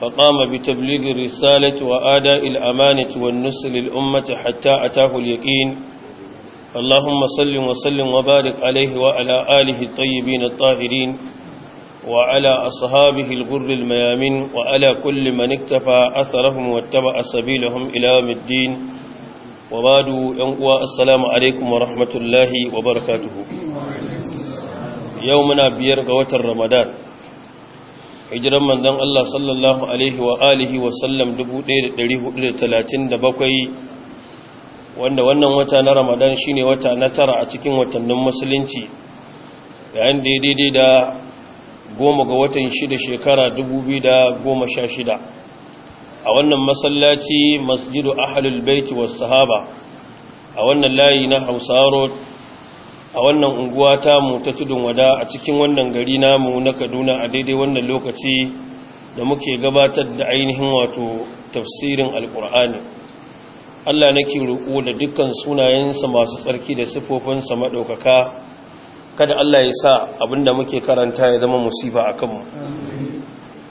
فقام بتبليغ الرسالة وآداء الأمانة والنسل للأمة حتى أتاه اليقين اللهم صل وسلم وبارك عليه وعلى آله الطيبين الطاهرين وعلى أصحابه الغر الميامين وعلى كل من اكتفى أثرهم واتبع سبيلهم إلى يوم الدين وبعد ينقوى السلام عليكم ورحمة الله وبركاته يومنا بيرقوة رمضان hijiran manzan Allah sallallahu alaihi wa alihi wa sallam bakwai. wanda wannan wata na Ramadan shi ne wata na tara a cikin watannin musulunci yayin da daidai da goma ga watan shida shekara sha shida. a wannan masallaci masjidu ahlul baiti wasu sahaba a wannan layi na Hausa road a wannan unguwa mu ta tudun wada a cikin wannan gari namu na kaduna a daidai wannan lokaci da muke gabatar da ainihin wato tafsirin alkur'ani allah na ke roƙo da dukkan sunayensa masu tsarki da siffofinsa maɗaukaka kada allah ya sa abin da muke karanta ya zama musifa a kanmu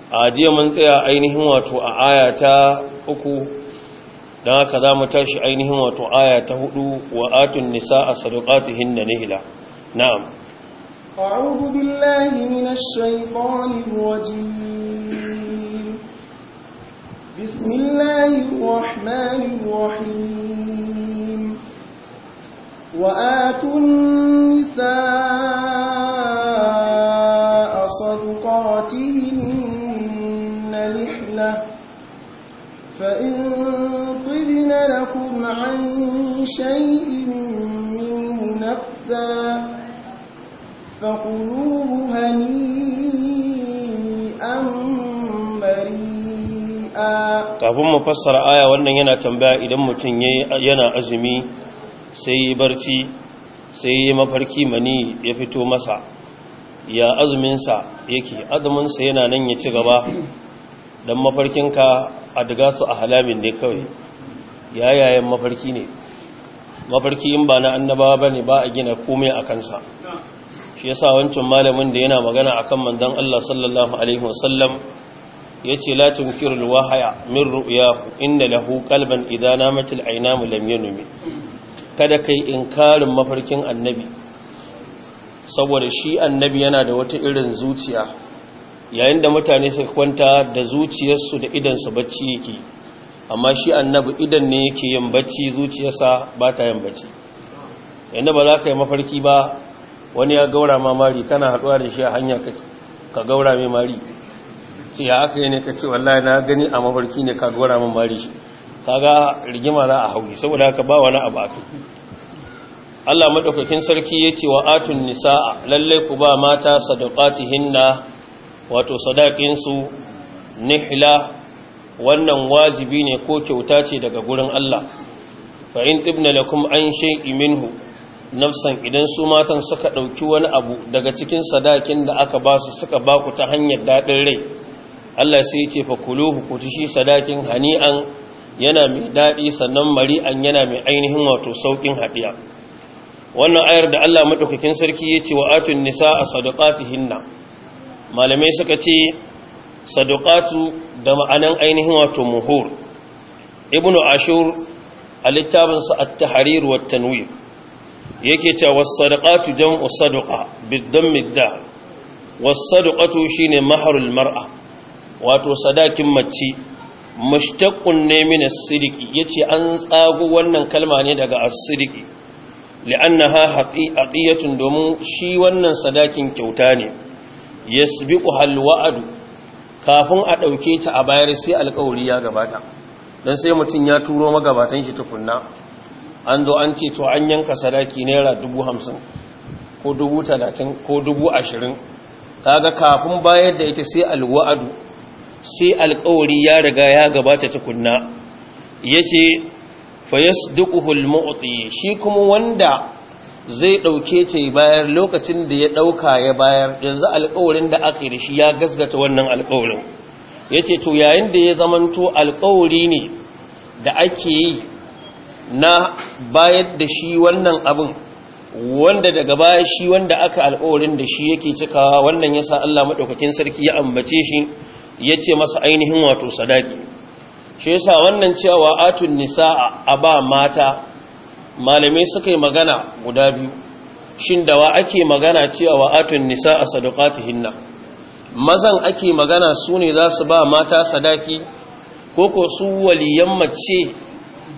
a jiya mun tsaya ainihin wato a aya ta uku don haka za mu tashi ainihin wato aya ta hudu wa atun nisa a sadukatihin na nihila na'am أعوذ بالله من الشيطان الرجيم بسم الله الرحمن الرحيم وآتوا النساء صدقاتهن نحلة فإن أذن لكم kafin mu fassara aya wannan yana tambaya idan mutum yana azumi sai barci sai mafarki mani ya fito masa ya azuminsa yake azuminsa yana nan ya ci gaba Dan mafarkin a daga su a halamin ne kawai yayayen mafarki ne mafarki in ba na annabawa ba ne ba a gina komai a kansa shi yasa wancan malamin da yana magana a akan mandan Allah sallallahu alaihi wasallam ce latin wahaya min ru'ya inna lahu idana idza namatil mu lam yanumi kada kai inkarin mafarkin annabi saboda shi annabi yana da wata irin zuciya yayin da mutane suka kwanta da zuciyarsu da idansu bacci yake amma shi annabi idan ne yake yin bacci zuciyarsa ba ta yin bacci yadda ba za ka yi mafarki ba wani ya gaura ma mari kana haɗuwa da shi a hanya ka gaura mai mari ce ya aka yi ne ka ce wallahi na gani a mafarki ne ka gaura mai mari shi ga rigima za a hauyi saboda haka ba wani abu akai Allah maɗaukakin sarki ya ce wa atun nisa'a lallai ku ba mata sadaqatihinna wato ni nihla wannan wajibi ne ko kyauta ce daga gurin Allah fa in tibna lakum an shay'i minhu nafsan idan su matan suka ɗauki wani abu daga cikin sadakin da aka ba su suka ba ku ta hanyar daɗin rai Allah sai ya ce fa kuluhu ku shi sadakin hani'an yana mai daɗi sannan mari'an yana mai ainihin wato sauƙin haɗiya. wannan ayar da Allah madaukakin sarki ya ce wa atun nisaa sadaqatihinna malamai suka ce sadukatu da ma'anan ainihin wato muhur ibnu ashur a littafinsa at-tahrir wa tanwir yake cewa sadaqatu jam'u sadaqa bid-dammi da was-sadaqatu shine mahrul mar'a wato sadakin mace mushtaqqun ne min as-sidqi yace an tsago wannan kalma ne daga as-sidqi li'annaha haqiqatun domin shi wannan sadakin kyauta ne yasbiqu hal wa'du kafin a ɗauke ta a bayar sai alƙawari ya gabata don sai mutum ya turo magabatan shi tukunna an zo an ce to an yanka sadaki naira dubu hamsin ko dubu talatin ko dubu ashirin kaga kafin bayar da ita sai alwa'adu sai alƙawari ya riga ya gabata tukunna ya ce fayas dukuhul ma'uti shi kuma wanda zai ɗauke ta yi bayar lokacin da ya ɗauka ya bayar yanzu alƙawarin da aka da shi ya gasgata wannan alƙawarin ya ce to yayin da ya zamanto alƙawari ne da ake yi na bayar da shi wannan abin wanda daga baya shi wanda aka alƙawarin da shi yake cikawa wannan ya sa Allah maɗaukakin sarki ya ambace shi ya ce masa ainihin wato sadaki shi yasa wannan cewa atun nisa a ba mata malamai suka yi magana guda biyu shin da wa ake magana cewa wa atun nisa a hinna? mazan ake magana su ne za su ba mata sadaki ko ko su waliyan mace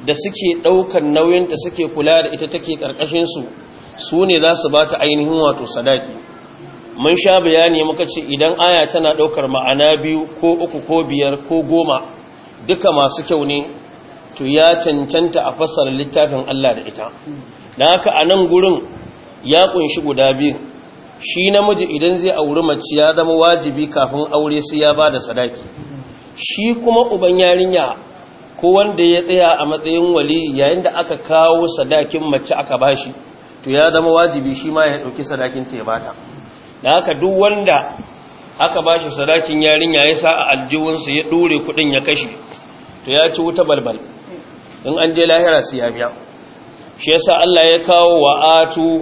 da suke ɗaukar nauyin ta suke kula da ita take karkashin su su ne za su ba ta ainihin wato sadaki mun sha bayani muka ce idan aya tana ɗaukar ma'ana biyu ko uku ko biyar ko goma duka masu kyau ne to ya cancanta a fassara littafin Allah da ita don haka a nan gurin ya kunshi guda biyu shi namiji idan zai auri mace ya zama wajibi kafin aure sai ya ba da sadaki shi kuma uban yarinya ko wanda ya tsaya a matsayin wali yayin da aka kawo sadakin mace aka ba shi, to ya zama wajibi shi ma ya ɗauki sadakin ta ya ba ta. don haka duk wanda aka ba shi sadakin yarinya ya sa a aljihunsa ya ɗure kuɗin ya kashe to ya ci wuta balbal in an je lahira su yamiya shi yasa Allah ya kawo wa atu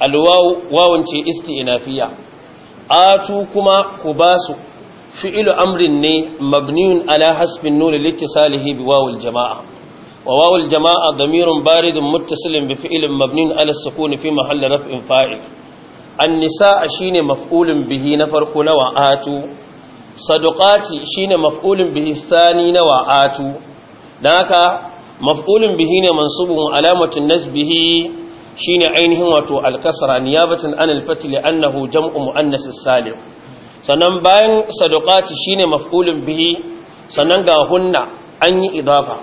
alwawun ce isti'nafiya atu kuma ku basu fi'ilu amrin ne mabniun ala hasbin nun litisalihi bi wawul jama'a wa wawul jama'a damirun baridun muttasilin bi fi'ilin mabniun ala sukuni fi mahalli raf'in fa'il Annisa'a shine maf'ulun bihi na farko na wa atu sadaqati shine maf'ulun bihi thani na wa atu dan haka maf'ulin bihi ne mansubun alamatun nasbihi shine ainihin wato alkasra niyabatan an alfati li'annahu jam'u muannas salim sannan bayan sadaqati shine maf'ulin bihi sannan ga hunna an yi idafa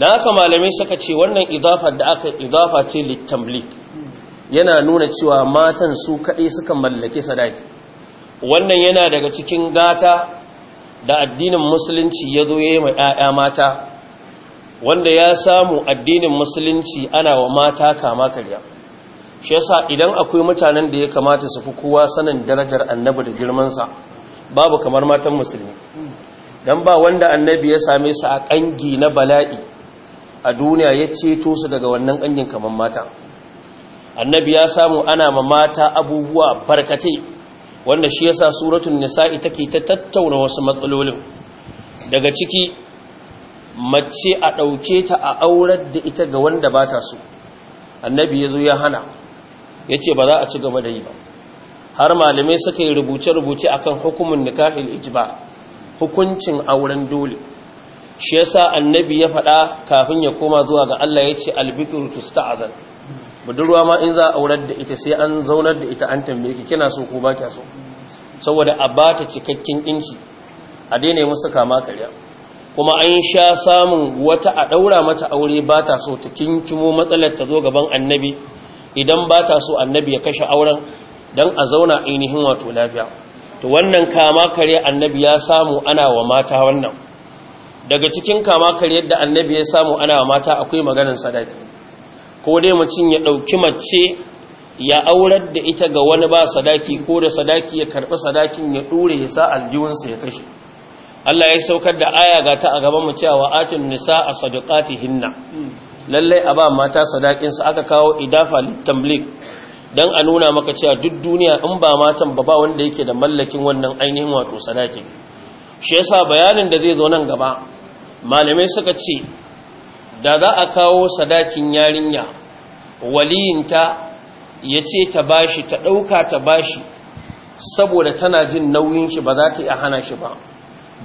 da haka malamai suka ce wannan idafar da aka idafa ce littamlik yana nuna cewa matan su kaɗai suka mallaki sadaki wannan yana daga cikin gata da addinin musulunci ya zo ya yi ma 'ya'ya mata wanda ya samu addinin musulunci ana wa mata kama karya shi yasa idan akwai mutanen da ya kamata su fi kowa sanin darajar annabi da girmansa babu kamar matan musulmi don ba wanda annabi ya same su a ƙangi na bala'i a duniya ya ceto su daga wannan ƙangin kamar mata annabi ya samu ana ma mata abubuwa barkatai wanda shi yasa suratun nisa'i take ta tattauna wasu matsalolin daga ciki mace a ɗauke ta a aurar da ita ga wanda ba ta so annabi ya zo ya hana ya ce ba za a ci gaba da yi ba har malamai suka yi rubuce-rubuce a kan hukumin nikahil ba? hukuncin auren dole shi ya sa annabi ya faɗa kafin ya koma zuwa ga Allah ya ce albikiru azan. budurwa ma in za a aurar da ita sai an zaunar da ita an tambaye ki kina so ko ba kya so saboda a bata cikakken inci a daina yi musu kama karya kuma an sha samun wata a ɗaura mata aure ba ta so ta kinkimo matsalar ta zo gaban annabi idan ba ta so annabi ya kashe auren don a zauna ainihin wato lafiya to wannan kama kare annabi ya samu ana wa mata wannan daga cikin kama kare yadda annabi ya samu ana wa mata akwai maganar sadaki ko dai mutum ya ɗauki mace ya aurar da ita ga wani ba sadaki ko da sadaki ya karɓi sadakin ya ɗure ya sa aljihunsa ya kashe Allah ya saukar da aya ga ta a gaban mu cewa atin nisa a hinna. lallai a ba mata sadakin su aka kawo idafa litamlik dan a nuna maka cewa duk duniya in ba matan ba ba wanda yake da mallakin wannan ainihin wato sadaki shi yasa bayanin da zai zo nan gaba malamai suka ce da za a kawo sadakin yarinya waliyinta ya ce ta bashi ta ɗauka ta bashi saboda tana jin nauyin shi ba za ta iya hana shi ba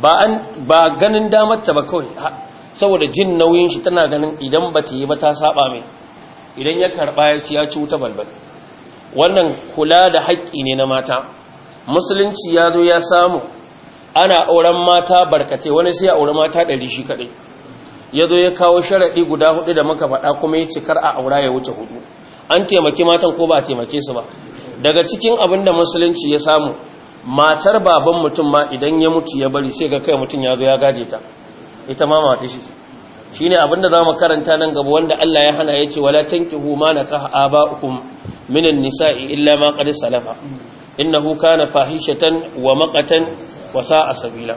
ba ganin damarta ba kawai saboda jin nauyin shi tana ganin idan ba ta yi ba ta saba mai idan ya karɓa ya ci ya ci wuta balbal wannan kula da haƙƙi ne na mata musulunci ya zo ya samu ana auren mata barkatai wani sai ya aure mata ɗari shi kaɗai ya zo ya kawo sharaɗi guda hudu da muka faɗa kuma ya cikar a aura ya wuce hudu an taimaki matan ko ba a taimake su ba daga cikin abin da musulunci ya samu matar baban mutum ma idan ya mutu ya bari sai ga kai mutum ya zo ya gaje ta ita ma mata shi shine abinda zamu karanta nan gaba wanda Allah ya hana ya ce wala tankihu ma nakaha aba'ukum minan nisa'i illa ma qad salafa innahu kana fahishatan wa maqatan wa sa'a sabila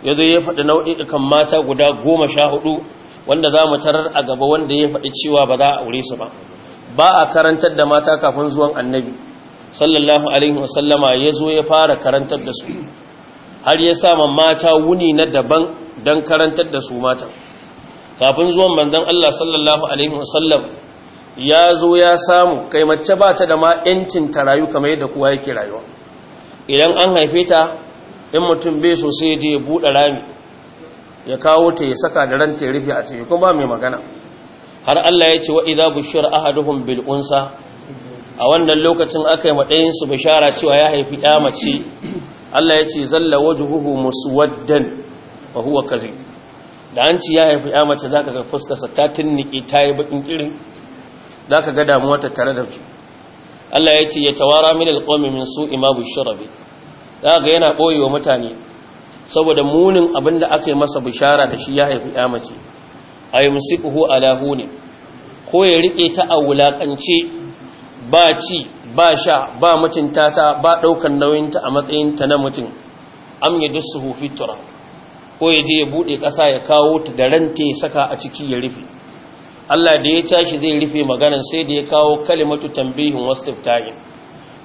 yazo ya faɗi nau'ikan mata guda goma 14 wanda zamu tarar a gaba wanda ya faɗi cewa ba za a aure su ba ba a karantar da mata kafin zuwan annabi sallallahu alaihi wasallama ya zo ya fara karantar da su har ya sa mata wuni na daban don karantar da su mata. kafin zuwan bandan Allah sallallahu alaihi wasallam ya zo ya samu kai mace ba ta da ma yancin ta rayu kamar yadda kowa yake rayuwa idan an haife ta in mutum bai so sai je ya buɗe rami ya kawo ta ya saka da ranta ya rufe a ciki kuma ba mai magana har Allah ya ce wa idza bushira ahaduhum bil unsa a wannan lokacin aka yi su bishara cewa ya haifi ya mace Allah ya ce zalla musu waddan wa huwa kazi da an ci ya haifi ya mace ka ga fuskarsa ta tinnike ta yi bakin kirin ka ga damuwa ta tare da su Allah ya ce ya tawara min alƙomi min su'i ma Za ka ga yana ɓoye wa mutane saboda munin abin da aka yi masa bishara da shi ya haifi ya mace ayyumsiquhu ala hunin ko ya riƙe ta a wulaƙance. ba ci ba sha ba mutunta ta ba ɗaukan nauyinta a matsayin ta na mutum am ya dusu hufi tura ko ya je ya buɗe ƙasa ya kawo ta da ranta ya saka a ciki ya rufe Allah da ya tashi zai rufe maganan sai da ya kawo kalimatu tambihin wasu ta'in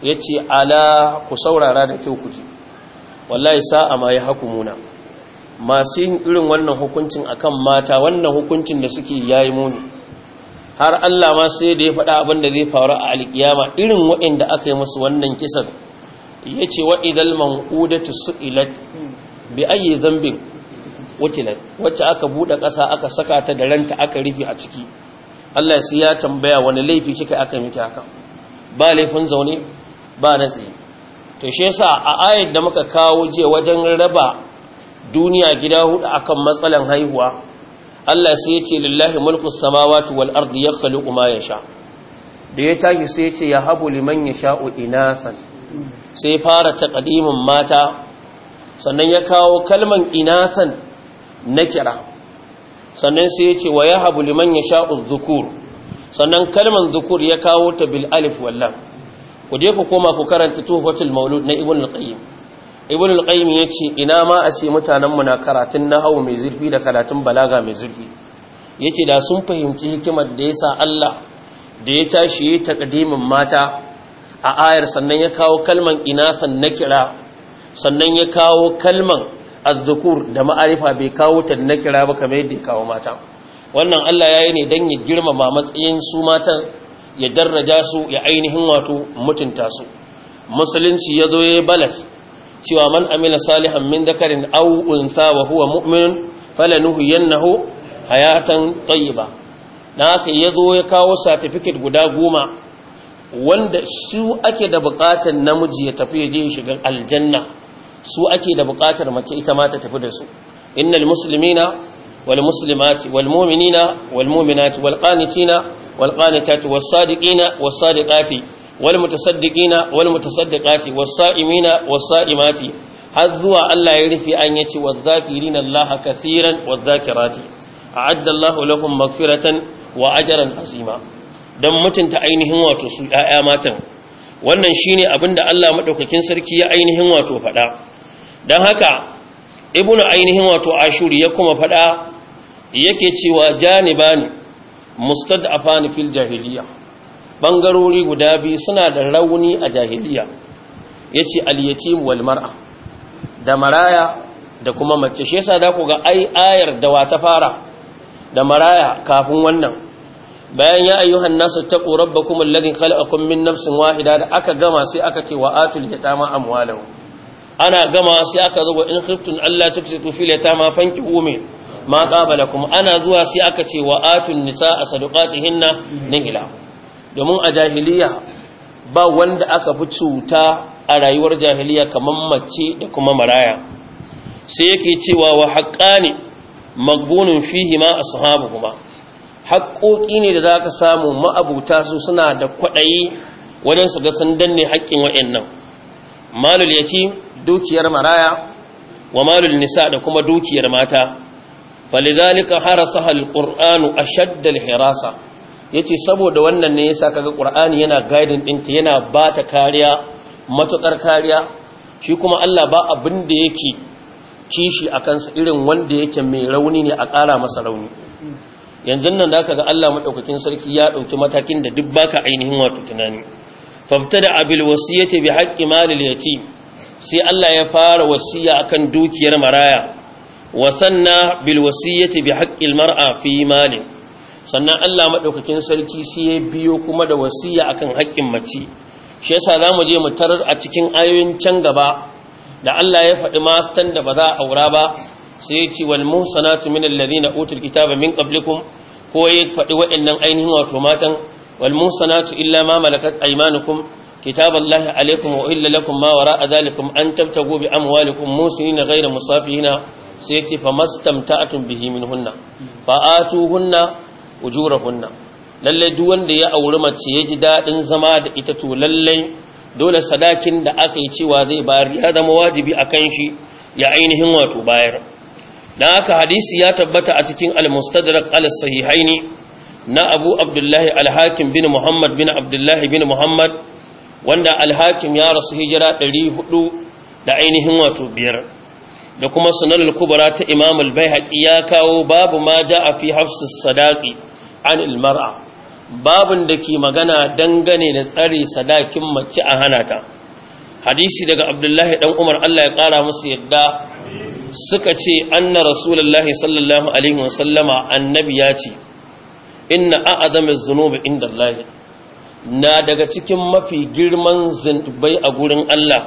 ya ce ala ku saurara da kyau kuji wallahi sa'a ma ya haku muna masu yin irin wannan hukuncin akan mata wannan hukuncin da suke yayi muni har Allah ma sai da ya faɗa abin da zai faru a alkiyama irin waɗanda aka yi musu wannan kisan ya ce wa idal su su'ilat bi yi zambin wutilat wacce aka buɗe ƙasa aka saka ta da ranta aka rufe a ciki Allah sai ya tambaya wani laifi kika aka miki haka ba laifin zaune ba na tsaye to shi yasa a ayat da muka kawo je wajen raba duniya gida hudu akan matsalan haihuwa Allah sai ya ce lillahi mulku samawati wal ardi yakhluqu ma yasha da ya tashi sai ya ce ya habu liman yasha'u inasan sai fara taqdimin mata sannan ya kawo kalman inasan na kira sannan sai ya ce wa ya habu liman yasha'u dhukur sannan kalman dhukur ya kawo ta bil alif wallah ku je ku koma ku karanta tuhfatul maulud na ibn al-qayyim ibn al-qayyim yace ina ma a ce mutanen mu na karatun nahwu mai zurfi da karatun balaga mai zurfi yace da sun fahimci hikimar da yasa Allah da ya tashi ya takdimin mata a ayar sannan ya kawo kalman inasan nakira sannan ya kawo kalman azzukur da ma'arifa bai kawo ta nakira ba kamar yadda ya kawo mata wannan Allah ya yi ne dan ya girmama matsayin su matan ya darraja su ya ainihin wato mutunta su musulunci ya zo ya yi balas cewa man amila salihan min dakarin aw unsa wa huwa mu'min falanuhyiyannahu hayatan tayyiba dan haka yazo ya kawo certificate guda goma wanda su ake da buƙatar namiji ya tafi ya je shiga aljanna su ake da buƙatar mace ita ma ta tafi da su innal muslimina wal muslimati wal mu'minina wal mu'minati wal qanitina wal qanitati was sadiqina was sadiqati wal mutasaddiqina wal mutasaddiqati was sa'imina was sa'imati har zuwa Allah ya rufe an yace waz zakirina Allah kaseeran waz zakirati a'adda Allah lahum maghfiratan wa ajran azima dan mutunta ainihin wato su ƴaƴa matan wannan shine abinda Allah maɗaukakin sarki ya ainihin wato faɗa dan haka ibnu ainihin wato ashuri ya kuma faɗa yake cewa janibani mustad'afani fil jahiliya Bangarori guda biyu suna da rauni a jahiliya ya ce aliyatim wal mar'a da maraya da kuma mace shi yasa da ku ga ai ayar da wata fara da maraya kafin wannan bayan ya ayyuhan nasu taqu rabbakum alladhi khalaqakum min nafsin wahida da aka gama sai aka ce wa atul yatama amwalahum ana gama sai aka zo in khiftum alla tufsitu fil yatama fanki ume ma qabalakum ana zuwa sai aka ce wa atun nisaa sadaqatihinna nihila domin a jahiliya ba wanda aka fi cuta a rayuwar jahiliya kamar mace da kuma maraya sai yake cewa wa haƙa ne magbunin fihi ma a kuma. haƙoƙi ne da za ka samu ma'abuta su suna da kwaɗayi wajen su ga sun danne haƙƙin nan malul yatim dukiyar maraya wa malul nisa da kuma dukiyar mata falizalika harasa a ashadd hirasa Ya ce saboda wannan ne ya yasa kaga ƙura'ani yana gaidin ɗinta, yana ba ta kariya matuƙar kariya shi kuma Allah ba abin da yake kishi a kansa irin wanda yake mai rauni ne a ƙara masa rauni yanzu nan da ga Allah maɗaukakin sarki ya ɗauki matakin da duk baka ainihin wato tunani da abil wasiyati bi haƙƙi malil yatim sai Allah ya fara wasiya akan dukiyar maraya wasanna bil wasiyati bi haƙƙil mar'a fi malin sannan Allah maɗaukakin sarki sai ya biyo kuma da wasiya akan haƙƙin mace shi yasa zamu je mu tarar a cikin ayoyin can gaba da Allah ya faɗi mastan da ba za a aura ba sai ya ce wal muhsanatu minal ladina utul kitaba min qablikum ko ya faɗi waɗannan ainihin wato matan wal muhsanatu illa ma malakat aymanukum كتاب الله عليكم وإلا an ما وراء ذلكم أن تبتغوا بأموالكم موسنين غير مصافين سيكتي فما استمتعتم به منهن فآتوهن ujurahunna lalle duk wanda ya auri mace ya ji dadin zama da ita to lalle dole sadakin da aka yi cewa zai bayar ya zama wajibi kan shi ya ainihin wato bayar dan haka hadisi ya tabbata a cikin al-mustadrak al-sahihaini na Abu Abdullah al-Hakim bin Muhammad bin Abdullah bin Muhammad wanda al-Hakim ya rasu hijira 400 da ainihin wato biyar da kuma sunan al-kubra ta Imam al-Baihaqi ya kawo babu ma ja'a fi hafsus sadaqi anil mar'a babin da ke magana dangane da tsare sadakin mace a hana ta hadisi daga abdullahi dan umar Allah ya kara musu yadda suka ce anna rasulullahi sallallahu alaihi wasallama annabi ya ce inna a'adama zunubi inda Allah na daga cikin mafi girman zunubai a gurin Allah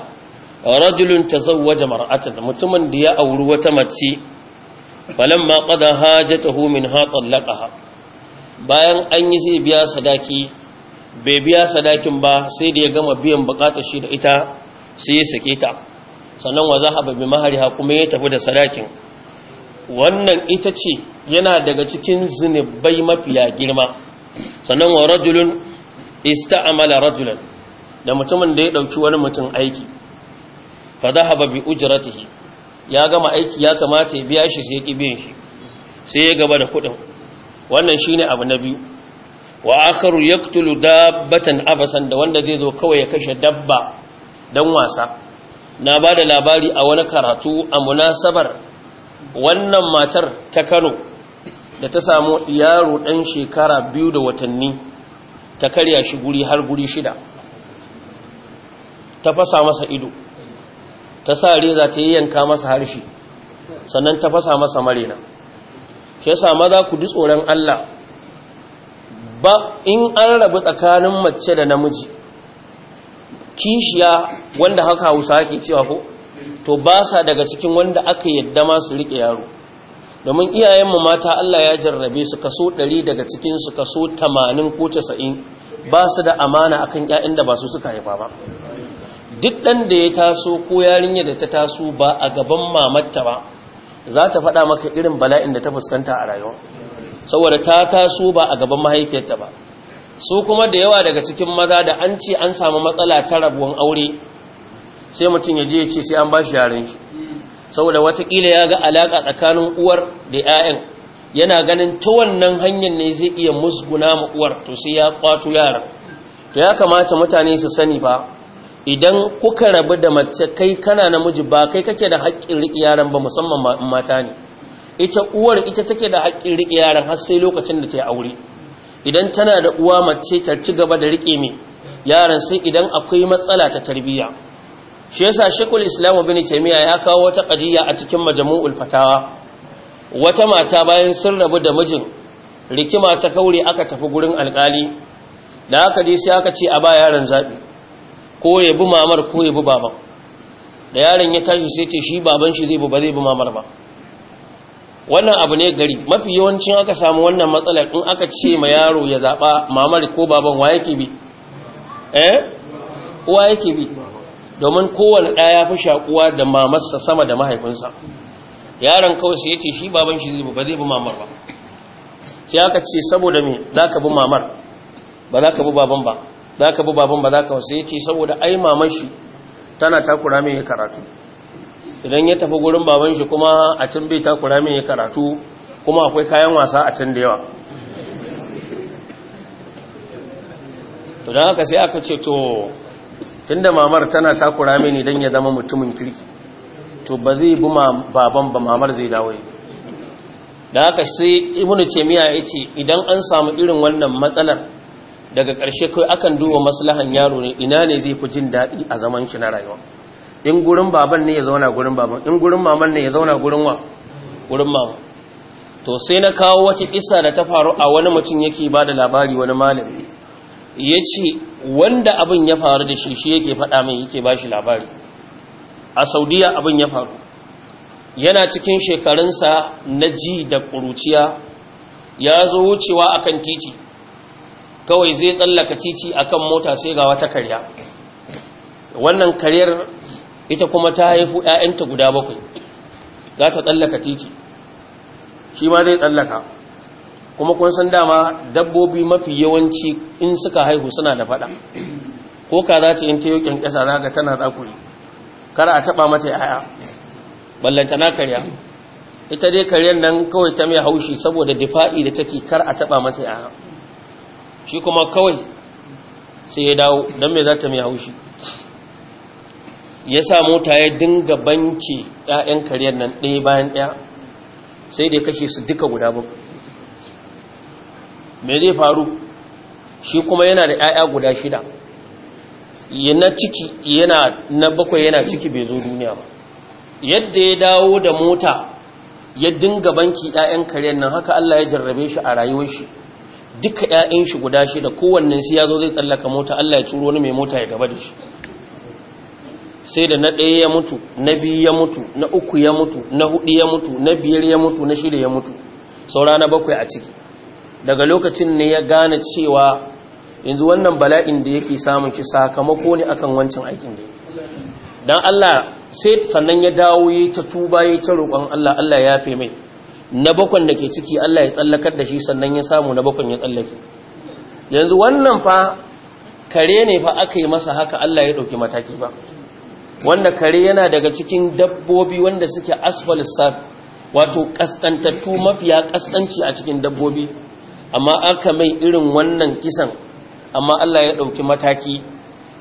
rajulun tazawwaja mar'atan mutumin da ya auri wata mace falamma qada hajatahu minha lakaha. bayan an yi zai biya sadaki bai biya sadakin ba sai da ya gama biyan bukatar shi da ita sai ya sake ta sannan wa za babi mahari mahariha kuma ya tafi da sadakin wannan ita ce yana daga cikin zunubai mafiya girma sannan wa rajulun amala rajulun da mutumin da ya ɗauki wani mutum aiki fa za a babi ujiratihi ya gama aiki ya kamata ya biya shi sai ya ki biyan shi sai ya gaba da kuɗin. wannan shi ne abu na biyu wa akharu yaqtulu dabbatan abasan da wanda zai zo kawai ya kashe dabba dan wasa na ba da labari a wani karatu a munasabar wannan matar ta Kano da ta samu yaro ɗan shekara biyu da watanni ta karya shi guri har guri shida ta fasa masa ido ta sa reza ta yanka masa harshe sannan ta fasa masa marena shi yasa maza ku ji tsoron Allah ba in an rabu tsakanin mace da namiji kishiya wanda haka Hausa ke cewa ko to ba sa daga cikin wanda aka yadda masu su rike yaro domin iyayenmu mata Allah ya jarrabe su kaso 100 daga cikin su kaso 80 ko 90 ba su da amana akan ƴaƴan da ba su suka haifa ba duk ɗan da ya taso ko yarinya da ta taso ba a gaban mamatta ba za ta faɗa maka irin bala'in da ta fuskanta a rayuwa saboda ta taso ba a gaban mahaifiyarta ba su kuma da yawa daga cikin maza da an ce an samu matsala ta rabuwan aure sai mutum ya je ya ce sai an ba shi yaren shi saboda watakila ya ga alaƙa tsakanin uwar da 'ya'yan yana ganin ta wannan hanyar ne zai iya musguna ma uwar to sai ya kwato yaran to ya kamata mutane su sani ba idan kuka rabu da mace kai kana namiji ba kai kake da haƙƙin riƙe yaran ba musamman mata ne ita uwar ita take da haƙƙin riƙe yaran har sai lokacin da ta yi aure idan tana da uwa mace ta ci gaba da riƙe mai yaran sai idan akwai matsala ta tarbiyya shi yasa shekul islamu bin taimiyya ya kawo wata ƙadiyya a cikin majmu'ul fatawa wata mata bayan sun rabu da mijin rikima ta kaure aka tafi gurin alƙali da aka je sai aka ce a ba yaran zaɓi ko ya bi mamar ko ya bi baban da yaron ya tashi sai ce shi baban shi zai bi ba zai bi mamar ba wannan abu ne gari mafi yawancin aka samu wannan matsalar in aka ce ma yaro ya zaɓa mamar ko baban wa yake bi eh uwa yake bi domin kowane ɗaya ya fi shakuwa da mamarsa sama da mahaifinsa yaron kawai sai ce shi baban shi ba zai bi mamar ba sai aka ce saboda me za ka bi mamar ba za ka bi baban ba za ka bi baban ba za ka wasu ya ce saboda ai maman shi tana takura mai karatu idan ya tafi gurin baban shi kuma a can bai takura mai karatu kuma akwai kayan wasa a can da yawa to don haka sai aka ce to tunda mamar tana takura mai don ya zama mutumin kirki to ba zai bi baban ba mamar zai dawo da haka sai ibnu taymiya yace idan an samu irin wannan matsalar daga ƙarshe kai akan duba maslahan yaro ne ina ne zai fi jin daɗi a zaman shi na rayuwa in gurin baban ne ya zauna gurin baban in gurin maman ne ya zauna gurin wa gurin mama to sai na kawo wata kissa da ta faru a wani mutum yake ba da labari wani malami ya ce wanda abin ya faru da shi shi yake faɗa min yake ba shi labari a saudiya abin ya faru yana cikin shekarunsa na ji da ƙuruciya ya zo wucewa a kan titi kawai zai tsallaka titi kan mota sai ga wata karya wannan karyar ita kuma ta haifu ‘ya'yanta guda bakwai za ta tsallaka titi shi ma zai tsallaka kuma kun san dama dabbobi mafi yawanci in suka haihu suna da faɗa. ko ka za ta yin ta yaukin ƙasa za ga tana ɗakuri kara a taɓa mata ‘ya'ya ballanta na karya ita dai karyar nan kawai ta mai haushi saboda difa'i da take kar a taɓa mata ‘ya'ya shi kuma kawai sai ya dawo don mai za ta mai haushi ya sa mota ya dinga banki 'ya'yan kariyar nan ɗaya bayan ɗaya sai da kashe su duka guda ba mai zai faru shi kuma yana da 'ya'ya guda shida yana ciki yana na bakwai yana ciki bai zo duniya ba yadda ya dawo da mota ya dinga banki 'ya'yan karyar nan haka Allah ya jarrabe shi a rayuwar shi duka ƴaƴan shi guda shida kowannen sai zo zai tsallaka mota Allah ya turo wani mai mota ya gaba da shi sai da na ɗaya ya mutu na biyu ya mutu na uku ya mutu na hudu ya mutu na biyar ya mutu na shida ya mutu saura na bakwai a ciki daga lokacin ne ya gane cewa yanzu wannan bala'in da yake samun shi sakamako ne akan wancan aikin da dan Allah sai sannan ya dawo yi ta tuba yi ta roƙon Allah Allah ya yafe mai na bakon da ke ciki Allah ya tsallakar da shi sannan ya samu na bakon ya tsallake yanzu wannan fa kare ne fa aka yi masa haka Allah ya ɗauki mataki ba wanda kare yana daga cikin dabbobi wanda suke asfalis safi wato kaskantattu mafiya kaskanci a cikin dabbobi amma aka mai irin wannan kisan amma Allah ya ɗauki mataki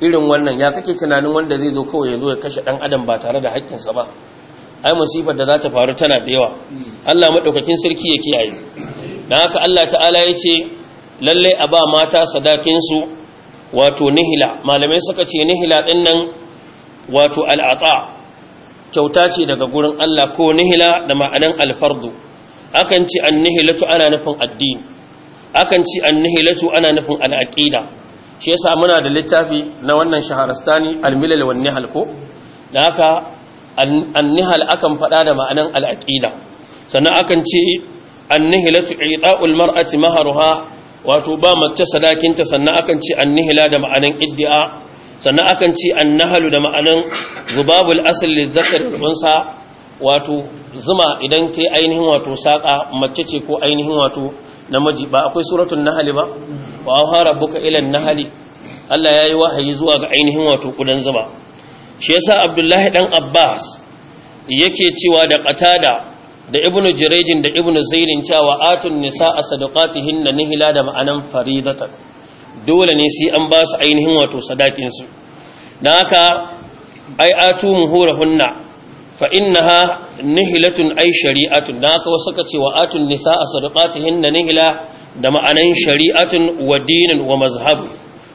irin wannan ya kake tunanin wanda zai zo kawai ya zo ya kashe ɗan adam ba tare da haƙƙinsa ba ai musibar da za ta faru tana da yawa Allah madaukakin sarki ya kiyaye dan haka Allah ta'ala ya ce lalle a ba mata sadakin su wato nihila malamai suka ce nihila din nan wato al'ata kyauta ce daga gurin Allah ko nihila da ma'anan alfardu akan ce annihilatu ana nufin addini akan ce annihilatu ana nufin al'aqida shi yasa muna da littafi na wannan shaharastani al-milal wan nihal ko dan haka annihal akan faɗa da ma'anan al'aqida sannan akan ce annihilatu ita'ul mar'ati maharuha wato ba mace sadakinta sannan akan ce annihila da ma'anan iddia sannan akan ce annahalu da ma'anan zubabul asl lizzakari unsa wato zuma idan kai ainihin wato saƙa mace ce ko ainihin wato namiji ba akwai suratun nahali ba wa hara buka ilan nahali Allah ya yi wahayi zuwa ga ainihin wato kudan zuma shi yasa abdullahi dan abbas yake cewa da qatada da ibnu jirejin da ibnu zairin cewa atun nisa a sadaqatihin na nihila da ma'anan faridatan dole ne sai an ba su ainihin wato sadakinsu dan haka ai atu muhurahunna fa innaha nihilatun ai shari'atun dan haka wasu kace wa atun nisa a sadaqatihin na nihila da ma'anan shari'atun wa dinin wa mazhabu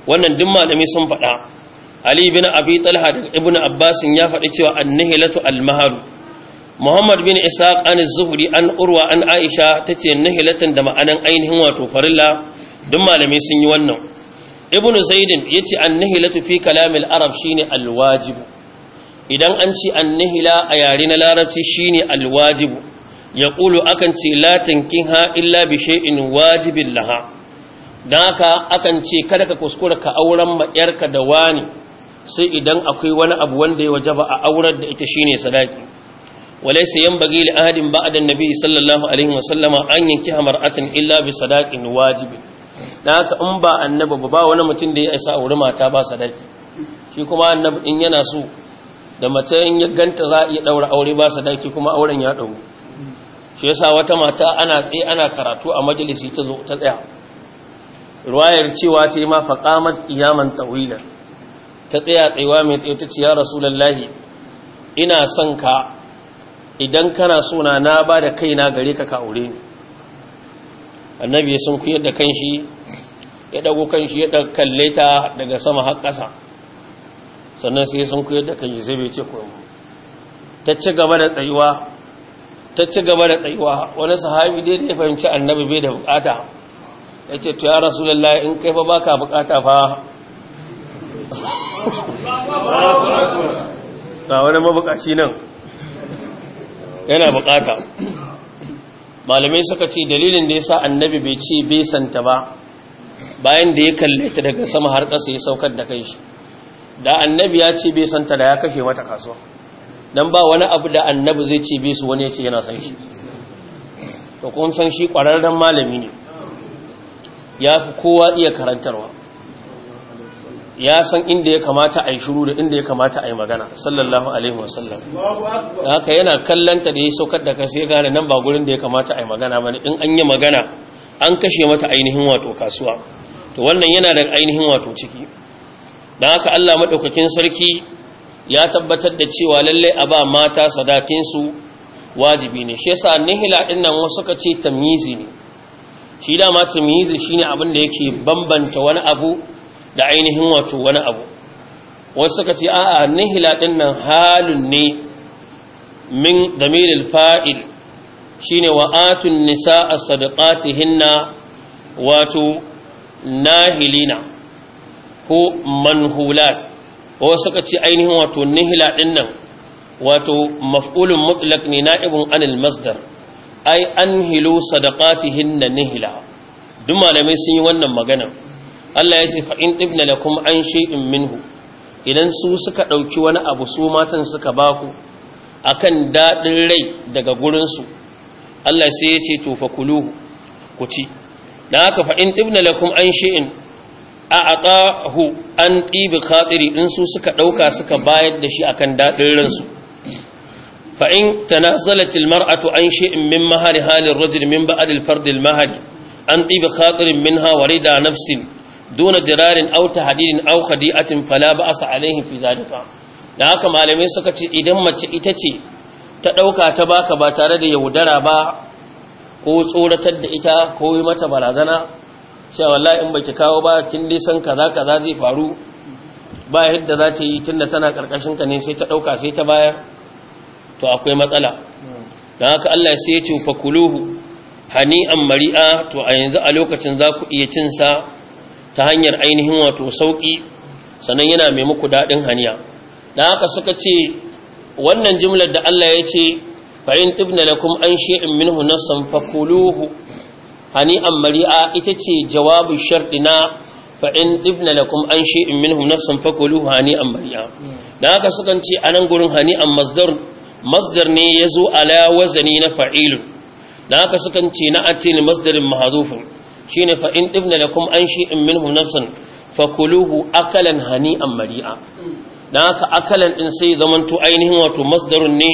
wannan duk malami sun faɗa ali bin abi talha daga ibn abbas ya faɗi cewa annahilatu almahar muhammad bin ishaq an zuhri an urwa an aisha tace nahilatan da ma'anan ainihin wato farilla duk malamai sun yi wannan ibn zaidin yace annahilatu fi kalamil arab shine alwajib idan an ci annahila a yare na larabci shine alwajib yaqulu akan ce la ha illa bi shay'in wajibin laha don haka akan ce kada ka kuskura ka auren ma'yarka da wani sai idan akwai wani abu wanda ya wajaba a aurar da ita shine sadaki walaysa yanbaghi li ahadin ba'da an-nabi sallallahu alaihi wa sallama an yanki illa bi sadaqin wajibi. dan haka in ba annabi ba ba wani mutum da ya isa aure mata ba sadaki shi kuma annabi in yana so da mace in ya ganta za a iya daura aure ba sadaki kuma auren ya dauko shi yasa wata mata ana tsaye ana karatu a majalisi ta zo ta tsaya ruwayar cewa ta yi ma faqamat qiyaman tawila ta tsaya tsayuwa mai tsaye ta ce ya lallahi ina son ka idan kana suna na ba da kaina gare ka kaure ni annabi ya sun yadda kan kanshi ya dago kanshi ya kalle ta daga sama har ƙasa sannan sai sun yadda kan kanshi zai bai ce komai ta ci gaba da tsayuwa ta ci gaba da tsayuwa wani sahabi dai ya fahimci annabi bai da bukata ya ce to ya lallahi in kai fa baka bukata fa ta wani mabukaci nan yana bukata malamai suka ce dalilin da ya sa annabi bai ce bai santa ba bayan da ya kalle ta daga sama har kasa ya saukar da kai shi da annabi ya ce bai santa da ya kashe mata kasuwa don ba wani abu da annabi zai ce bai su wani ya ce yana san shi to kun san shi kwararren malami ne ya fi kowa iya karantarwa ya san inda ya kamata a yi shuru da inda ya kamata a yi magana sallallahu alaihi wasallam da haka yana kallanta da ya saukar da ya gane nan ba gurin da ya kamata a yi magana ba in an yi magana an kashe mata ainihin wato kasuwa to wannan yana da ainihin wato ciki Da haka allah maɗaukakin sarki ya tabbatar da cewa lallai a ba mata su wajibi ne shi yasa nihila ɗin nan wasu ka ce tamizi ne shi dama tamizi shine abin da yake bambanta wani abu da ainihin wato wani abu wasu suka ce a'a nihila din nan halun ne min damiril fa'il shine wa atun nisaa sadaqatihinna wato nahilina ko manhulat wasu suka ce ainihin wato nihila din nan wato maf'ulun mutlaq ne na'ibun anil masdar ai anhilu sadaqatihinna nihila duk malamai sun yi wannan maganar. Allah ya ce fa in ibna lakum an shay'in minhu idan su suka dauki wani abu su matan suka baku akan dadin rai daga gurin su Allah sai ya ce to fa kuluhu ku ci dan haka fa in ibna lakum an shay'in a atahu an tibi khatiri in su suka dauka suka bayar da shi akan dadin ransu fa in tanazalatil mar'atu an shay'in min mahari halir rajul min ba'd al fard al mahari an tibi khatirin minha warida nafsin duna dirarin aw tahdidin aw khadi'atin fala ba'sa alaihim fi zalika Da haka malamai suka ce idan mace ita ce ta ɗauka ta baka ba tare da yaudara ba ko tsoratar da ita ko yi mata barazana cewa wallahi in baki kawo ba tun dai san kaza kaza zai faru ba yadda za ta yi tunda tana karkashin ka ne sai ta ɗauka sai ta bayar to akwai matsala Da haka Allah sai ya ce fakuluhu hani'an mari'a to a yanzu a lokacin za ku iya cin sa ta hanyar ainihin wato sauƙi sannan yana mai muku daɗin haniya da haka suka ce wannan jimlar da Allah ya ce fa'in ibna kuma an shi'in minhu na fakuluhu hani an mari'a ita ce jawabu shardi na fa'in ibna kuma an shi'in minhu na fakuluhu hani an mari'a da haka suka ce a nan gurin hani an masdar ne ya zo ala wazani na fa'ilu da haka suka ce na atin mazdarin mahadufin. Shi ne fa in tibna kuma an in minhu nafsan fakuluhu akalan hani hani'an mari'a dan haka akalan ɗin sai zamanto ainihin wato masdarun ne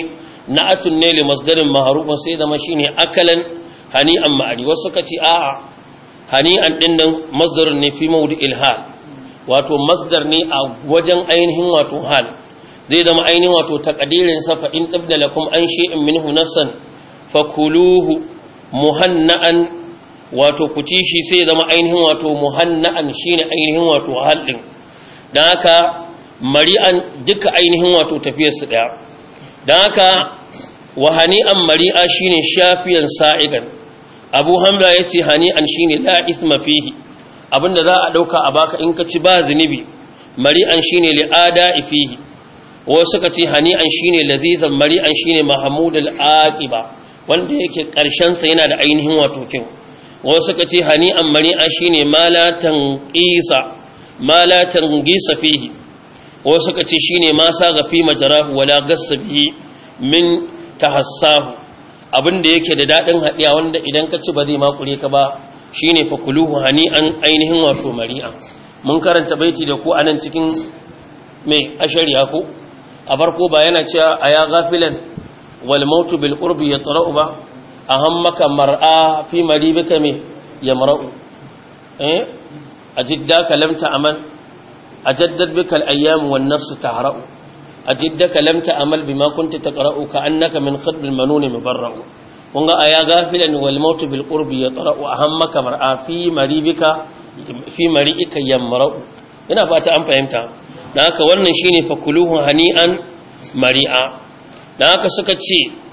na'atun ne li masdarin ma'rufa sai zama ne akalan hani hani'an ma'ari wasu suka ce a'a hani'an din nan masdarun ne fi maudu ilhal. wato masdar ne a wajen ainihin wato hal zai zama ainihin wato takadirin sa fa in kuma an in minhu nafsan fakuluhu muhanna'an wato ku ci shi sai zama ainihin wato muhanna'an shine ainihin wato hal din dan haka mari'an duka ainihin wato tafiyar su daya dan haka wahani'an mari'a shine shafiyan sa'igan abu hamza yace hani'an shine la isma fihi abinda za a ɗauka a baka in ka ci ba zunubi mari'an shine li'ada fihi wasu suka ce hani'an shine lazizan mari'an shine mahmudul aqiba wanda yake karshen sa yana da ainihin wato kyau wasu suka ce hani'an mari'a shi ne malatan gisa fihi wasu suka ce shine ma saga fi majrahu wala gasa bihi min hassahu abinda yake da daɗin haɗiya wanda idan ka ci ba zai makule ka ba shi ne fakuluhu kuluhu hani'an ainihin wato mari'a mun karanta baiti da ku a nan cikin mai ashariya ko a farko ba yana cewa a ya gafilan walmautu mautu ya qurbi ba a hammaka mar'a fi maribika me ya mara'u eh a jiddaka kalamta amal a jaddad bika al'ayyamu wan nafsu tahra'u a jiddaka kalamta amal bima kunta taqra'u ka annaka min khadbil manuni mubarra'u kun ga aya gafilan wal maut bil qurbi yatra'u a hammaka mar'a fi maribika fi mari'ika yamra'u ina fata an fahimta dan haka wannan shine fakuluhu hani'an mari'a dan haka suka ce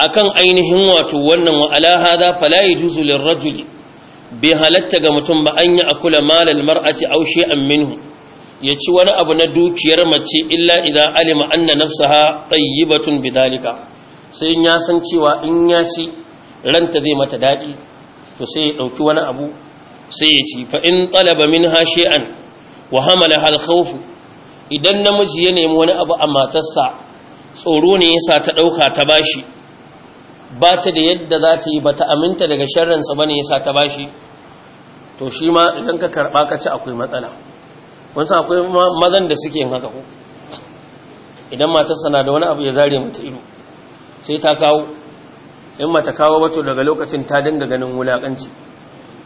akan ainihin wato wannan wa ala hadha fala yajuzu lirrajuli bi halatta ga mutum ba an yi akula malal mar'ati aw shay'an minhu ya ci wani abu na dukiyar mace illa idan alima anna nafsaha tayyibatun bidalika sai ya san cewa in ya ci ranta zai mata dadi to sai ya dauki wani abu sai ya ci fa in talaba minha shay'an wa hamala al khawf idan namiji ya nemi wani abu a matarsa tsoro ne yasa ta dauka ta bashi ba ta da yadda za ta yi ba ta aminta daga sharransa ba ne ya sa ta bashi? shi to shi ma idan ka karɓa ka ci akwai matsala wasu akwai mazan da suke yin haka ko idan matarsa na da wani abu ya zare mata ido sai ta kawo in mata kawo wato daga lokacin ta dinga ganin wulaƙanci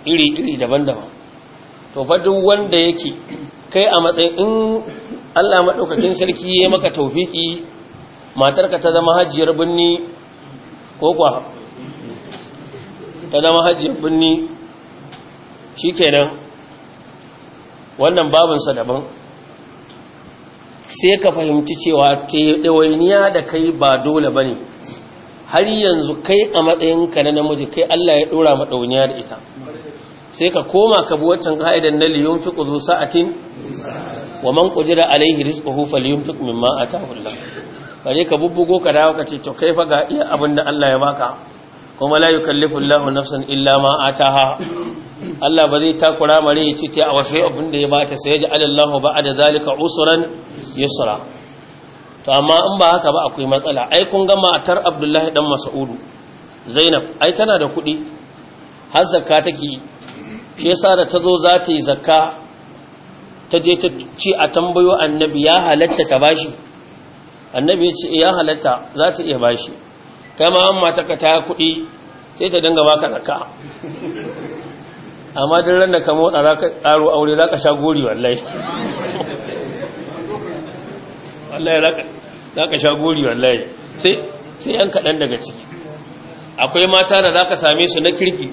iri-iri daban-daban to fa duk wanda yake kai a matsayin in Allah maɗaukakin sarki ya maka taufiki matarka ta zama hajjiyar birni ko kwa ta zama hajjiyar birni shi kenan wannan babinsa daban sai ka fahimci cewa ke ɗawainiya da kai ba dole ba ne har yanzu kai a matsayinka na namiji kai Allah ya ɗora maɗauniya da ita sai ka koma ka bi waccan ka'idan na liyun fi ƙudu sa'atin wa man ƙudira alaihi liyun falyunfiq mimma ta hula. ka je ka bubbugo ka dawo ka ce to kai fa ga iya abin da Allah ya baka kuma la yukallifu Allahu nafsan illa ma ataha Allah ba zai takura mare ya ce ta wasai abin da ya bata sai ya ji ba da zalika usran yusra to amma in ba haka ba akwai matsala ai kun ga matar Abdullahi dan Mas'udu Zainab ai kana da kuɗi har zakka take ke yasa da tazo za ta yi zakka ta je ta ci a tambayo annabi ya halatta ta bashi annabi ya ce eh, ya halatta za ta iya bashi kama an ka ta kuɗi sai ta dinga baka ka amma duk ran da ka motsa za ka ƙaro aure za ka sha gori wallahi wallahi za ka sha gori wallahi sai yan kaɗan daga ciki akwai mata da za ka same su na kirki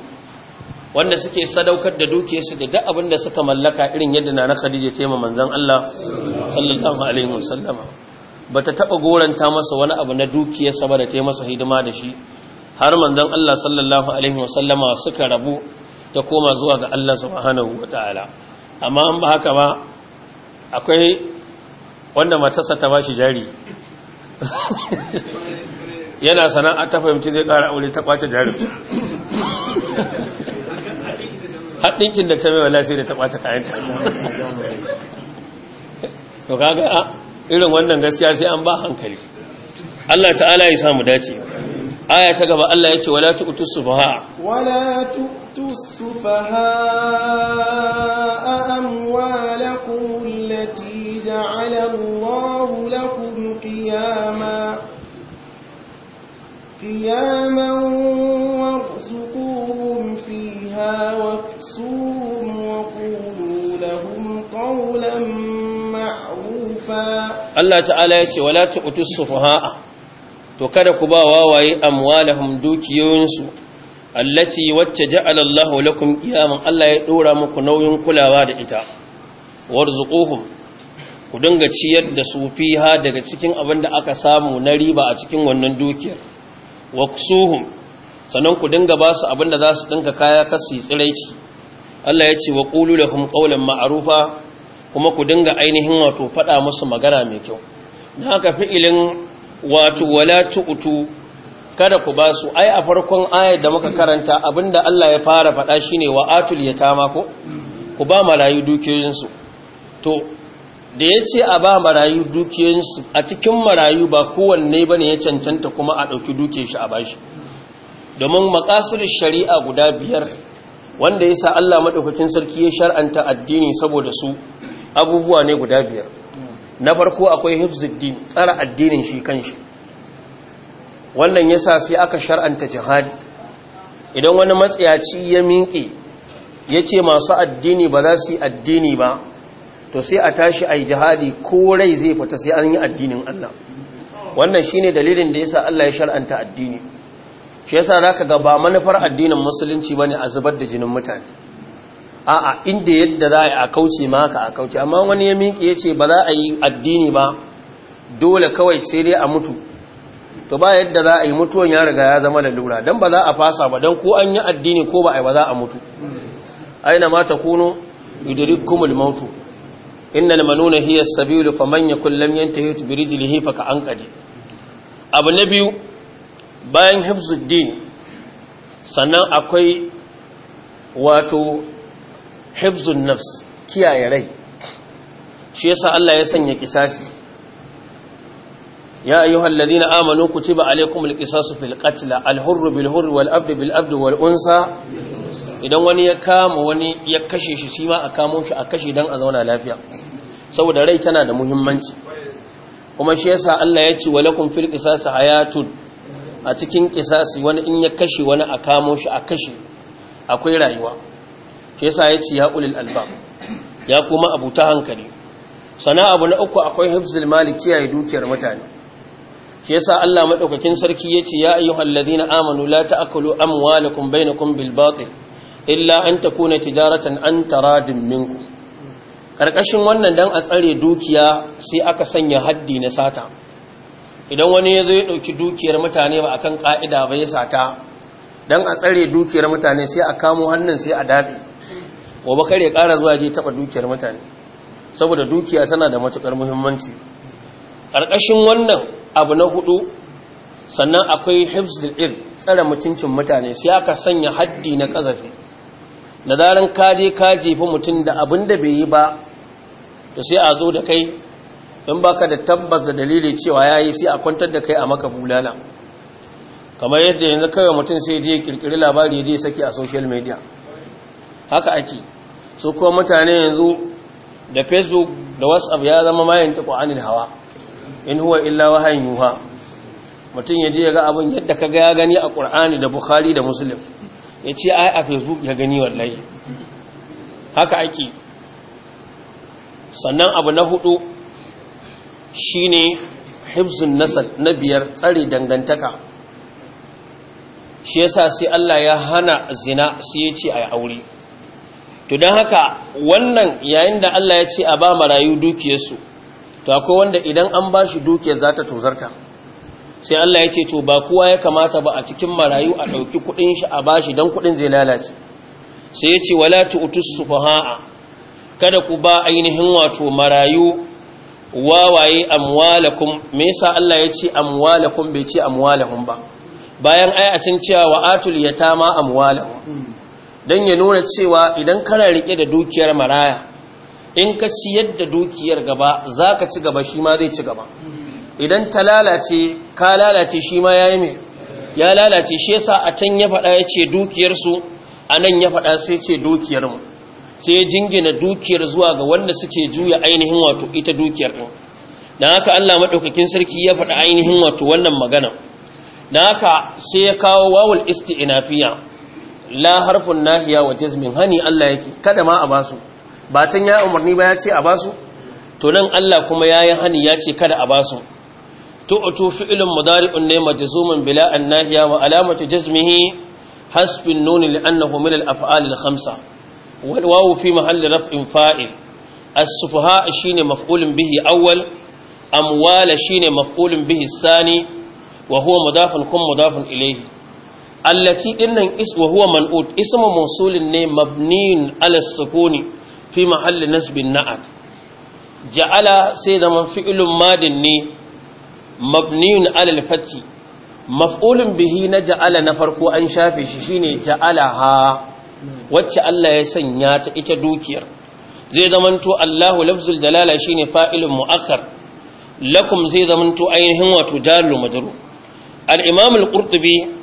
wanda suke sadaukar da su da abin da suka mallaka irin yadda na na khadija ce ma manzan. Allah sallallahu alaihi wasallama Ba ta taba goranta masa wani abu na dukiyarsa ba da ta yi masa hidima da shi har manzon Allah sallallahu alaihi wasallama suka rabu ta koma zuwa ga Allah subhanahu wataala amma an ba haka ba akwai wanda matarsa ta bashi jari yana sana'a ta fahimci zai ƙara aure ta kwace jari haɗinkin da ta mai wala sai da ta kwace ta. to kaga irin wannan gaskiya sai an ba hankali Allah ta'ala ya samu dace aya ta gaba Allah ya ce wala tu'tu sufaha wala tu'tu sufaha amwalakum allati ja'ala Allahu lakum qiyama قياما وارزقوهم فيها واكسوهم وقولوا لهم قولا معروفا Allah ta'ala ya ce wala tu'tu sufaha'a to kada ku ba wawaye amwalahum dukiyoyinsu allati wacce ja'ala Allahu lakum qiyaman Allah ya dora muku nauyin kulawa da ita warzuquhum ku dinga ciyar da su fiha daga cikin abin da aka samu na riba a cikin wannan dukiyar waqsuhum sannan ku dinga ba su abin da za su dinka kaya kasi tsiraici Allah ya ce wa qulu lahum qawlan ma'rufa kuma ku dinga ainihin wato faɗa musu magana mai kyau na haka fi'ilin wato wala tu'tu kada ku ba su ai a farkon ayar da muka karanta abinda Allah ya fara faɗa shine wa atul yatama ko ku ba marayu dukiyoyinsu to da yace a ba marayu dukiyoyinsu a cikin marayu ba kowanne bane ya cancanta kuma a ɗauki dukiyar shi a bashi domin makasar shari'a guda biyar wanda yasa Allah madaukakin sarki ya shar'anta addini saboda su abubuwa ne guda biyar na farko akwai hifzuddin tsara addinin shi kanshi wannan ya sa sai aka shar'anta jihadi idan wani matsayaci ya miƙe ya ce masu addini ba za su yi addini ba to sai a tashi a yi jihadi ko rai zai fita sai an yi addinin Allah wannan shi ne dalilin da ya sa Allah ya shar'anta addini shi ya yasa zaka ga ba manufar addinin musulunci ba ne a zubar da jinin mutane a'a inda yadda za a kauce maka a kauce amma wani ya miƙi ya ce ba za a yi addini ba dole kawai sai dai a mutu to ba yadda za a yi mutuwan ya riga ya zama lalura don ba za a fasa ba don ko an yi addini ko ba a yi ba za a mutu aina ma ta kuno yudirikumul mautu inna limanuna hiya sabilu faman ta lam yantahi birijlihi fa ka anqadi abu na biyu bayan hifzuddin sannan akwai wato hifzun nafs kiyaye rai shi yasa Allah ya sanya kisasi ya ayyuhal ladina amanu kutiba alaykumul qisasu fil qatl al hurr bil hurr wal abd bil wal unsa idan wani ya kama wani ya kashe shi shi ma a kamo shi a kashe dan a zauna lafiya saboda rai tana da muhimmanci kuma shi yasa Allah ya ce walakum fil qisasi hayatun a cikin qisasi wani in ya kashe wani a kamo shi a kashe akwai rayuwa Ke ya ci ya ulil albab ya kuma ta hankali sana abu na uku akwai hifzil mali kiyaye dukiyar mutane shi sa Allah madaukakin sarki ya ce ya ayyuhal ladina amanu la ta'kulu amwalakum bainakum bil batil illa an takuna tijaratan an taradin minku. karkashin wannan dan a tsare dukiya sai aka sanya haddi na sata idan wani ya zo ya dauki dukiyar mutane ba akan ka'ida ba ya sata dan a tsare dukiyar mutane sai a kamo hannun sai a dade gobe kare kara zuwa je taba dukiyar mutane saboda dukiya tana da matukar muhimmanci ƙarƙashin wannan abu na hudu sannan akwai hifzil il tsara mutuncin mutane sai aka sanya haddi na kazafi da zaran ka je ka jefi mutum da abin da bai yi ba to sai a zo da kai in baka da tabbas da dalili cewa yayi sai a kwantar da kai a maka bulala kamar yadda yanzu kawai mutum sai je kirkiri labari ya je saki a social media haka ake su kuma mutane yanzu da facebook da whatsapp ya zama mayan ta ƙwa'anin hawa in huwa illa wahayin yuha mutum ya je ya ga abin yadda ka gaya ya gani a Kur'ani da bukhari da muslim ya ce ai a facebook ya gani wallahi haka ake sannan abu na hudu shine hifzun nasal na biyar tsare dangantaka shi yasa sai Allah ya hana zina sai ya ce a aure to don haka wannan yayin da Allah ya ce a ba marayu dukiyarsu to akwai wanda idan an ba shi dukiyar za ta tozarta sai Allah ya ce to ba kowa ya kamata ba a cikin marayu a ɗauki kuɗin shi a ba shi don kuɗin zai lalace sai ya ce wala su faha'a kada ku ba ainihin wato marayu wawaye amwalakum me yasa Allah ya ce amwalakum bai ce amwalahum ba bayan ai cewa wa atul yatama amwalahum don ya nuna cewa idan kana rike da dukiyar maraya in ka ci da dukiyar gaba za ka ci gaba shi ma zai ci gaba idan ta lalace ka lalace shi ma ya yi mai ya lalace shi yasa a can ya faɗa ya ce dukiyarsu a nan ya faɗa sai ce dukiyarmu sai ya jingina dukiyar zuwa ga wanda suke juya ainihin wato ita dukiyar ɗin don haka allah maɗaukakin sarki ya faɗa ainihin wato wannan magana don haka sai ya kawo wawul isti'inafiya la harfun nahiya wa jazmin hani Allah yake kada ma a basu ba can ya umarni ba ya ce a basu to nan Allah kuma ya hani ya ce kada a basu tu'tu fi'lun mudari'un ne majzumun bila an nahiya wa alamatu jazmihi hasbin nun li'annahu min al-af'al al-khamsa wal wawu fi mahalli raf'in fa'il as-sufaha shine maf'ulun bihi awwal amwala shine maf'ulun bihi sani wa huwa mudafun kun mudafun ilayhi allati dinnan is wa huwa man'ut ismu mawsulin ne mabniyun ala sukuni fi mahalli nasbin na'at ja'ala sai da man fi'lun madin ne mabniyun ala al-fathi maf'ulun bihi na ja'ala na farko an shafe shi shine ja'ala ha wacce Allah ya sanya ta ita dukiyar zai zamanto Allahu lafzul jalala shine fa'ilun mu'akkar lakum zai zamanto ainihin wato jalul majrur al-imam al-qurtubi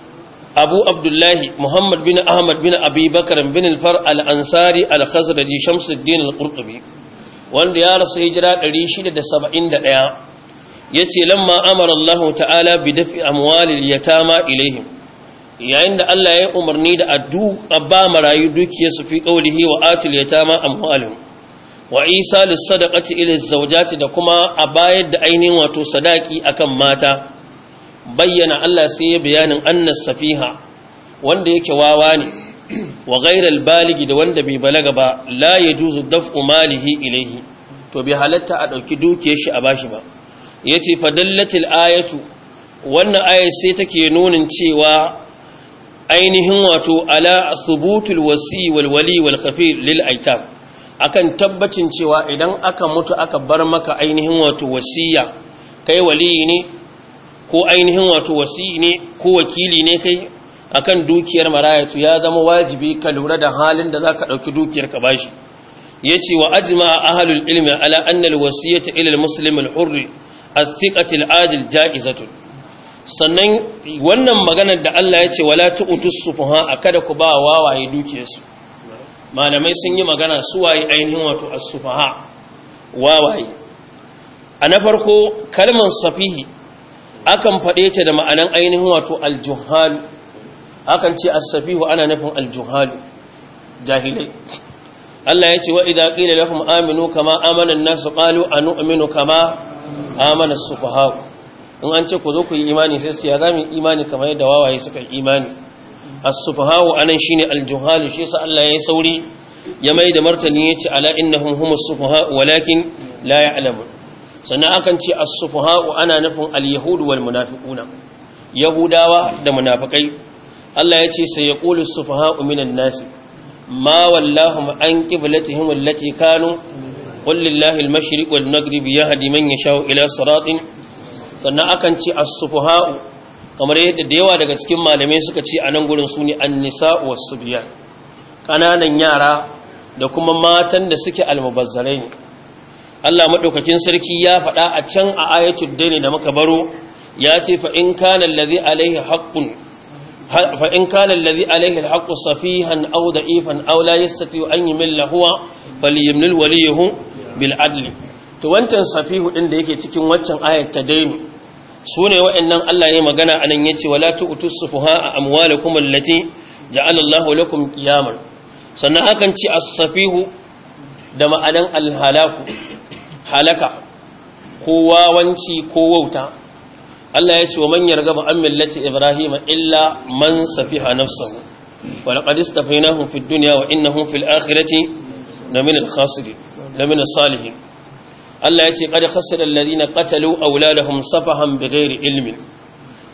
abu abdullahi muhammad bin ahmad bin Abibakar, bakar bin alfar al'ansari al-khazraji shamsuddin al-qurtubi wanda ya rasu hijira 671 ya ce lamma ta'ala bi dafi amwalil yatama ilaihim yayin da allah ya yi umarni da addu abba marayu su fi qawlihi wa atil yatama amwalihim wa isa lis sadaqati ila zawjati da kuma a bayar da ainihin wato sadaki akan mata bayyana Allah sai ya bayanin annas safiha wanda yake wawa ne wa ghairal baligi da wanda bai balaga ba la yajuzu daf'u malihi ilayhi to bai halatta a dauki dukiyar shi a bashi ba yace fadallatil ayatu wannan ayar sai take nunin cewa ainihin wato ala thubutul wasi wal wali wal lil aitam akan tabbacin cewa idan aka mutu aka bar maka ainihin wato wasiya kai wali ne ko ainihin wato wasi ne ko wakili ne kai akan dukiyar marayatu ya zama wajibi ka lura da halin da zaka dauki dukiyar ka bashi yace wa ajma'a ahlul ilmi ala anna alwasiyata ila almuslim alhurr athiqati aladil ja'izatu sannan wannan maganar da Allah yace wala tu'tus sufaha akada ku ba wawaye dukiyarsu malamai sun yi magana su waye ainihin wato as-sufaha wawaye a na farko kalmar safihi akan faɗe ta da ma'anan ainihin wato aljuhalu akan ce Asafihu ana nufin aljuhalu jahilai Allah ya ce wa idza qila aminu kama amana an-nas a Nu'aminu kama amana as in an ce ku zo ku yi imani sai su ya zamu imani kamar yadda wawaye suka yi imani A sufaha anan shine aljuhalu shi yasa Allah ya yi sauri ya mai da martani ya ce ala innahum humus sufaha walakin la ya'lamun sannan akan ce as-sufaha'u ana nufin al-yahud wal munafiquna yahudawa da munafikai Allah ya ce sai ya qulu as-sufaha'u minan nasi ma wallahu an qiblatihim allati kanu qul lillahi al-mashriq wal maghrib yahdi man yasha'u ila siratin sannan akan ce as-sufaha'u kamar yadda da yawa daga cikin malamai suka ce a nan gurin su ne an-nisa'u was-subyan kananan yara da kuma matan da suke almubazzarai ne Allah madaukakin sarki ya faɗa a can a ayatul dani da muka baro ya ce fa in kana allazi alaihi haqqun fa in kana allazi alaihi alhaqqu safihan aw da'ifan aw la yastati an yamilla huwa falyamlil waliyuhu bil adli to wancan safihu din da yake cikin waccan ayat ta dani sune wa'annan Allah ya magana anan yace wala tu'tus sufaha amwalakum allati ja'ala Allahu lakum qiyaman sannan hakan ci as-safihu da ma'anan al-halaku halaka ko wawanci ko wauta Allah ya ce wa man yargaba an millati Ibrahim illa man safiha nafsahu wa laqad istafaynahum fid dunya wa innahum fil akhirati lamin al-khasirin lamin salihin Allah ya ce qad khasira alladhina qatalu awladahum safahan bighairi ilmin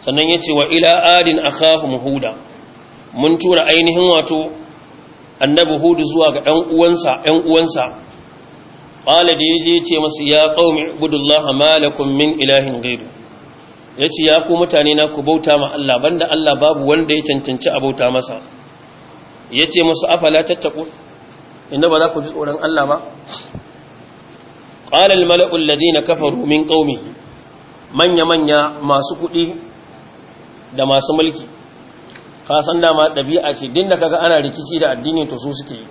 sannan ya ce wa ila adin akhahum huda mun tura ainihin wato annabi hudu zuwa ga ɗan uwansa ɗan uwansa qala da yaje yace masu ya qaumi ibudullaha malakum min ilahin ghairu yace ya ku mutane na ku bauta ma Allah banda Allah babu wanda ya cancanci a bauta masa yace musu afala tattaku inda ba za ku ji tsoron Allah ba qala al mala'u alladhina kafaru min qaumihi manya manya masu kudi da masu mulki ka san dama ɗabi'a ce din da kaga ana rikici da addini to su suke yi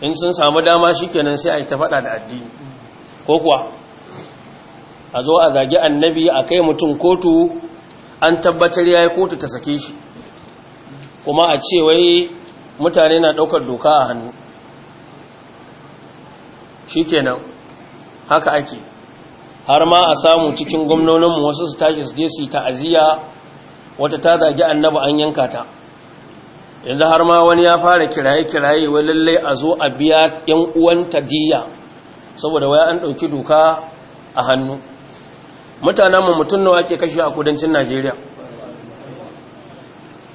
in sun samu dama shikenan sai a yi ta faɗa da addini ko kuwa a zo a zagi annabi a kai mutum kotu an tabbatar ya yi kotu ta sake shi kuma a ce wai mutane na ɗaukar doka a hannu shikenan haka ake har ma a samu cikin gwamnoninmu wasu su tashi su je su yi ta'aziyya wata ta zagi annabi an yanka ta yanzu har ma wani ya fara kiraye-kiraye wai lallai a zo a biya ‘yan uwanta tadiya saboda waya an ɗauki doka a hannu mutanen mu mutum nawa ke kashe a kudancin najeriya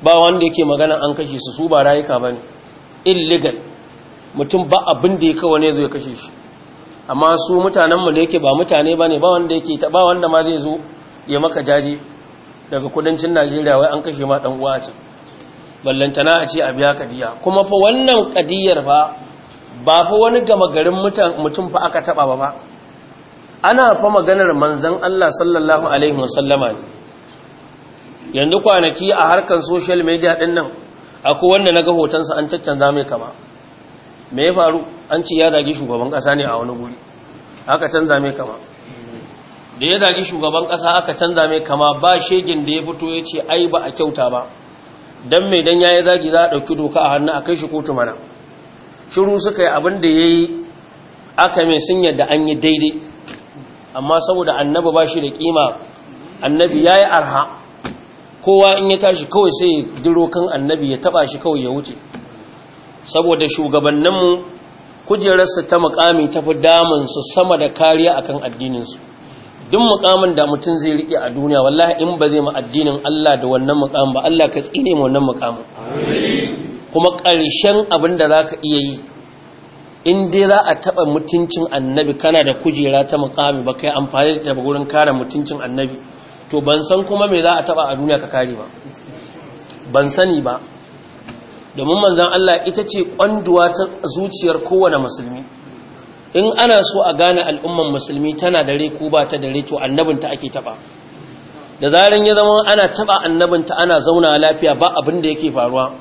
ba wanda yake magana an kashe su su ba rayuka ba ne illegal mutum ba abin da ya kawo ne zai kashe shi amma su mutanenmu da yake ba mutane ba ne ba wanda yake ta ba wanda ma zai zo ya maka jaji daga kudancin najeriya wai an kashe ma ɗan uwa a can ballantana a ce a biya kadiya kuma fa wannan kadiyar fa ba fa wani gama garin mutum fa aka taba ba ana fa maganar manzon Allah sallallahu alaihi wasallama ne yanzu kwanaki a harkar social media din nan akwai wanda naga hotonsa an tattanza mai kama me ya faru an ce ya zagi shugaban kasa ne a wani guri aka canza mai kama da ya zagi shugaban kasa aka canza mai kama ba shegin da ya fito ya ce ai ba a kyauta ba dan mai dan yayi zagi za a ɗauki doka a hannu a kai shi kotu mana shiru suka yi abin da yayi aka mai sun yadda an yi daidai amma saboda annabi ba shi da kima annabi yayi arha kowa in ya tashi kawai sai diro kan annabi ya taba shi kawai ya wuce saboda shugabanninmu kujerarsa ta mukami tafi damun su sama da kariya akan addininsu duk mukamin da mutum zai rike a duniya wallahi in ba zai ma addinin Allah da wannan mukamin ba Allah ka tsine mu wannan mukamin kuma ƙarshen abin da zaka iya yi in dai za a taba mutuncin annabi kana da kujera ta mukami ba kai amfani da gurin kare mutuncin annabi to ban san kuma me za a taba a duniya ka kare ba ban sani ba domin manzon Allah ita ce kwanduwa ta zuciyar kowane musulmi in ana so a gane al'umman musulmi tana da rai ko ba ta da rai to annabinta ake taba da zaran ya zama ana taba annabinta ana zauna lafiya ba abin da yake faruwa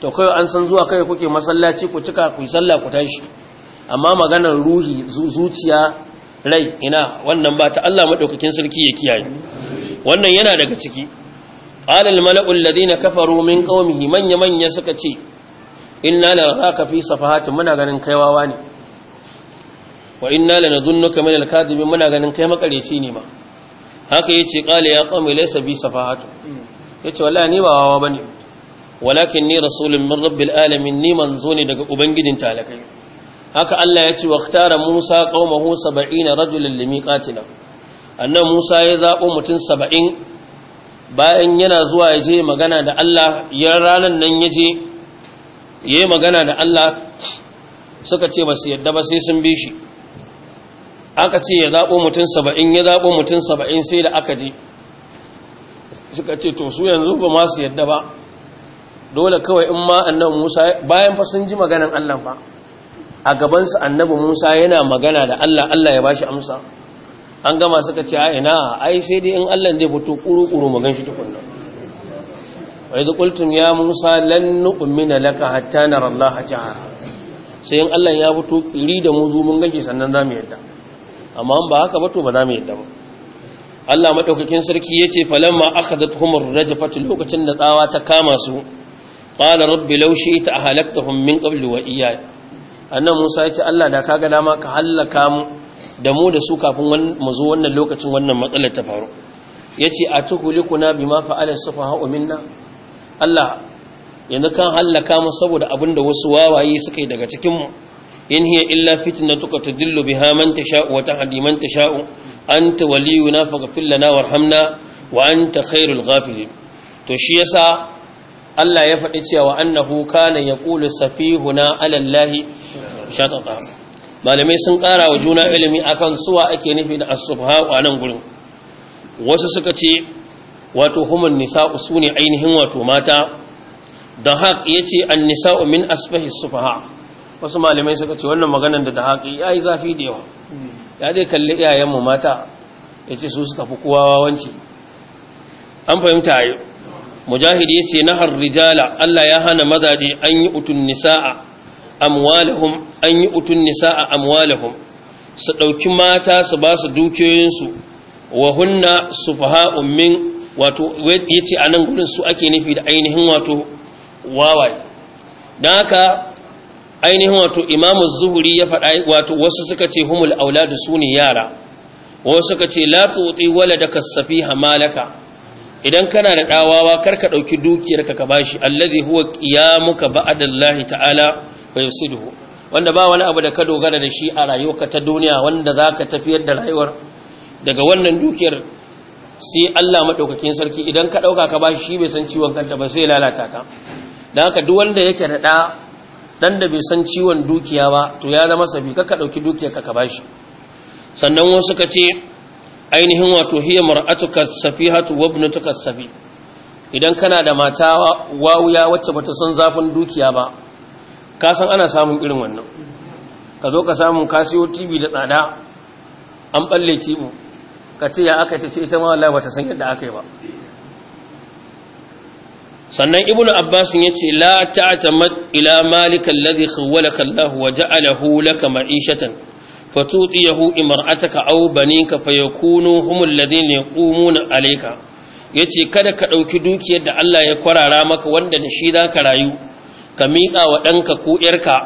to kai an san zuwa kai kuke masallaci ku cika ku sallah ku tashi amma maganar ruhi zuciya rai ina wannan ba ta Allah madaukakin sarki ya kiyaye wannan yana daga ciki qala al mala'u alladhina kafaru min qaumihi manya manya suka ce inna la raka fi safahati muna ganin kaiwawa ne wa inna lanadunnuka min al-kadibin muna ganin kai makareci ne ma haka yace qala ya qawmi laysa bi safahatu yace wallahi ni ba wawa bane walakin ni rasulun min rabbil alamin ni manzuni ne daga ubangijin talakai haka Allah yace waqtara Musa qaumahu 70 rajulan limiqatina annan Musa ya zabo mutum 70 bayan yana zuwa ya je magana da Allah ya ranan nan ya je yayi magana da Allah suka ce ba su yadda ba sai sun bi shi aka ce ya zaɓo mutum saba'in ya zaɓo mutum saba'in sai da aka je suka ce to su yanzu ba masu yadda ba dole kawai in ma annabi musa bayan fa sun ji maganan allah ba a gabansa annabi musa yana magana da allah allah ya bashi amsa an gama suka ce a ina ai sai dai in allah zai fito kuru-kuru magan shi tukunna wai da ya musa lan nu'mina laka hatta nara allah sai in allah ya fito kiri da mu zo mun gashi sannan za mu yadda amma ba haka ba to ba za mu yadda ba Allah madaukakin sarki yace falamma akhadathum ar-rajfatu lokacin da tsawa ta kama su qala rabbi law shi'ta ahlaktahum min qabli wa iyya annan Musa yace Allah da kaga dama ka halaka mu da mu da su kafin mu zo wannan lokacin wannan matsalar ta faru yace atukulikuna bima fa'ala sufaha'u minna Allah yanzu kan halaka mu saboda abinda wasu wawaye suka yi daga cikin mu in hiya illa fitnatuka tudillu biha man tasha'u wa tahdi man tasha'u anta waliyuna faghfir lana warhamna wa anta khairul ghafilin to shi yasa Allah ya faɗi cewa annahu kana yaqulu safihuna ala Allah shatata malamai sun ƙara wa juna ilimi akan suwa ake nufi da as-subha a nan gurin wasu suka ce wato humun nisa'u sune ainihin wato mata da haq yace an-nisa'u min asbahi as wasu malamai suka ce wannan maganar da haƙi ya yi zafi da yawa ya dai kalli iyayenmu mata ya ce su suka fi kowa wawanci an fahimta a mujahidi ya ce na harrijala allah ya hana mazaje an yi utun nisa'a amwalahum an yi utun nisa'a amwalahum su ɗauki mata su ba su dukiyoyinsu wa hunna su faha ummin wato ya ce a nan gudun su ake nufi da ainihin wato wawaye don haka ainihin wato imamu zuhuri ya faɗa wato wasu suka ce humul auladu su ne yara wasu suka ce la tuti waladaka safiha malaka idan kana da ɗawawa kar ka ɗauki dukiyarka ka bashi allazi huwa qiyamuka ba'adallahi ta'ala wa yusiduhu wanda ba wani abu da ka dogara da shi a rayuwarka ta duniya wanda ka tafiyar da rayuwar daga wannan dukiyar sai Allah madaukakin sarki idan ka ɗauka ka bashi shi bai san ciwon kanta ba sai lalata ta dan haka duk wanda yake da ɗa. dan da bai san ciwon dukiya ba to ya zama sabi ka dauki dukiyar ka ka bashi sannan wasu ka ce ainihin wato hiya mar'atuka safihatu wa ibnatuka safi idan kana da mata wawuya wacce bata san zafin dukiya ba ka san ana samun irin wannan ka zo ka samu ka siyo TV da tsada an balle ci mu, ka ce ya aka ta ce ita ma wallahi bata san yadda aka yi ba sannan ibnu abbas ya ce la ta'tamad ila malik alladhi khawalaka allah wa ja'alahu laka ma'ishatan fatutiyahu imra'ataka aw banika fayakunu hum alladhina yaqumuna alayka yace kada ka dauki dukiyar da Allah ya kwarara maka wanda da shi zaka rayu ka mika wa ɗanka ko ƴarka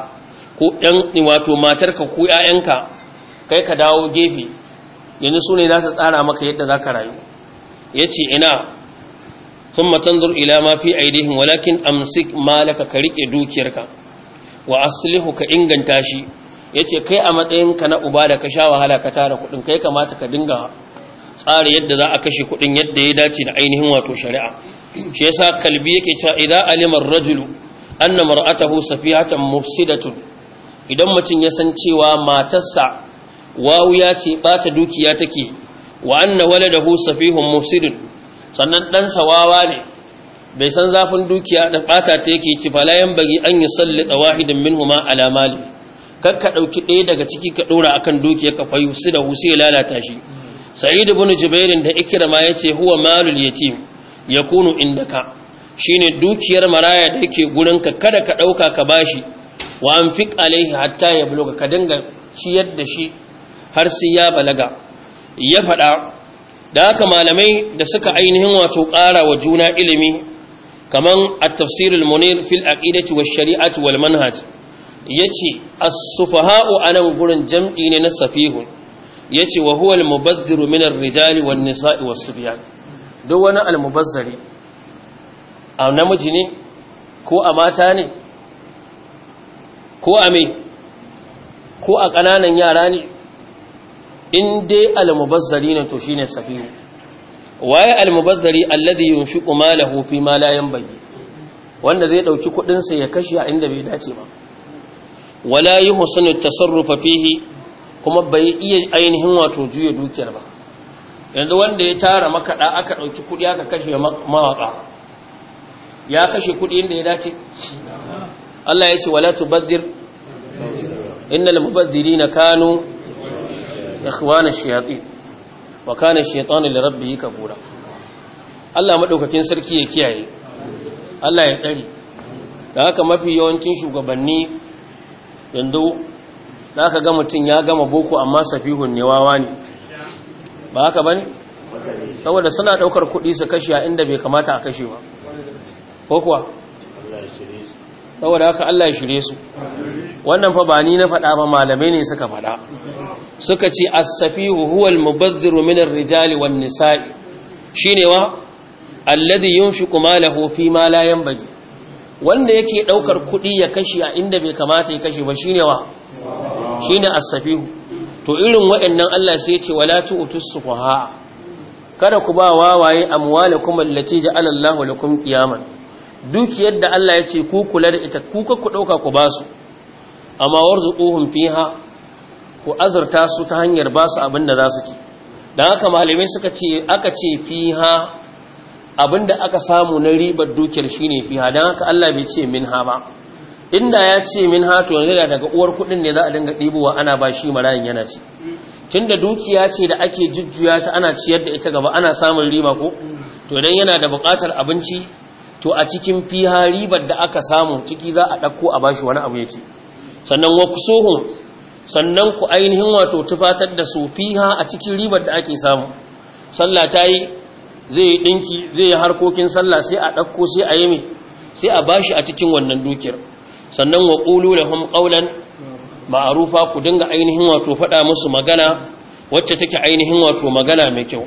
ko ɗan wato matarka ko yayanka kai ka dawo gefe yanzu sune za su tsara maka yadda zaka rayu yace ina ثم تنظر إلى ما في أيديهم ولكن أمسك مالك كريك دوكيرك ka inganta shi. yace kai a matsayinka na uba da ka sha wahala ka tara kudin kai kamata ka dinga tsara yadda za a kashe kudin yadda ya dace da ainihin wato shari'a shi yasa kalbi yake cewa idan alimar rajulu anna mar'atahu safihatan mufsidatun idan mutum ya san cewa matarsa wawuya ce bata dukiya take wa anna waladahu safihun mufsidun sannan ɗansa wawa ne bai san zafin dukiya da ɓata ta yake ci falayen bari an yi salli da wahidin min huma alamali kar ka ɗauki ɗaya daga ciki ka ɗora akan dukiya ka fayu su da husi lalata shi sa'id ibn jubairin da ikrama yace huwa malul yatim yakunu indaka shine dukiyar maraya da yake gurinka kada ka ɗauka ka bashi wa anfiq alaihi hatta ya bulo? ka dinga ciyar da shi har sai ya balaga ya faɗa da haka malamai da suka ainihin wato ƙara wa juna ilimi kamar a tafsirin al-munir fil aqidati wash shari'ati wal manhaj yace as-sufaha'u anan gurin jam'i ne na safihu yace wa huwa al-mubazziru min ar-rijali wan nisa'i was subyan duk wani al a namiji ne ko a mata ne ko a me ko a ƙananan yara ne in dai almubazzari ne to shine safihu waye almubazzari alladhi yunfiqu malahu fi ma la yanbaghi wanda zai dauki kudin sa ya kashe a inda bai dace ba wala yuhsinu tasarrufa fihi kuma bai iya ainihin wato juya dukiyar ba yanzu wanda ya tara makaɗa aka dauki kudi aka kashe mawaka ya kashe kudi inda ya dace Allah ya ce wala tubaddir innal mubaddirina kanu ikhwana shayatin wa kana shaytanu li rabbihi kafura Allah madaukakin sarki ya kiyaye Allah ya tsare da haka mafi yawancin shugabanni yanzu da haka ga mutum ya gama boko amma safihun ne wawa ne ba haka ba ne saboda suna ɗaukar kuɗi su kashe a inda bai kamata a kashe ba ko kuwa saboda haka Allah ya shirye su wannan fa ba ni na faɗa ba malamai ne suka faɗa suka ce as-safihu huwa al-mubadhdhiru min ar-rijali wan nisa'i shine wa alladhi yunfiqu malahu fi ma la yanbaghi wanda yake daukar kuɗi ya kashi a inda bai kamata ya kashe ba shine wa shine as-safihu to irin waɗannan Allah sai ya ce wala tu'tus sufaha kada ku ba wawaye amwalakum allati ja'ala Allahu lakum qiyaman dukiyar da Allah ya ce ku kula da ita ku ku dauka ku basu amma warzuquhum fiha ku azurta su ta hanyar basu abin da za su ci dan haka malamai suka ce aka ce fiha abinda aka samu na ribar dukiyar shine fiha dan haka Allah bai ce minha ba inda ya ce minha to yanzu daga uwar kudin ne za a dinga ɗibowa ana ba shi marayin yana ci tunda dukiya ce da ake jujjuya ta ana ciyar da ita gaba ana samun riba ko to dan yana da buƙatar abinci to a cikin fiha ribar da aka samu ciki za a ɗakko a bashi wani abu ya sannan wa kusuhun sannan ku ainihin wato tufatar da su fiha a cikin ribar da ake samu sallah ta yi zai ɗinki zai yi harkokin sallah sai a ɗakko sai a yi sai a bashi a cikin wannan dukiyar sannan wa ƙulu da hum ƙaunan ma'arufa ku dinga ainihin wato faɗa musu magana wacce take ainihin wato magana mai kyau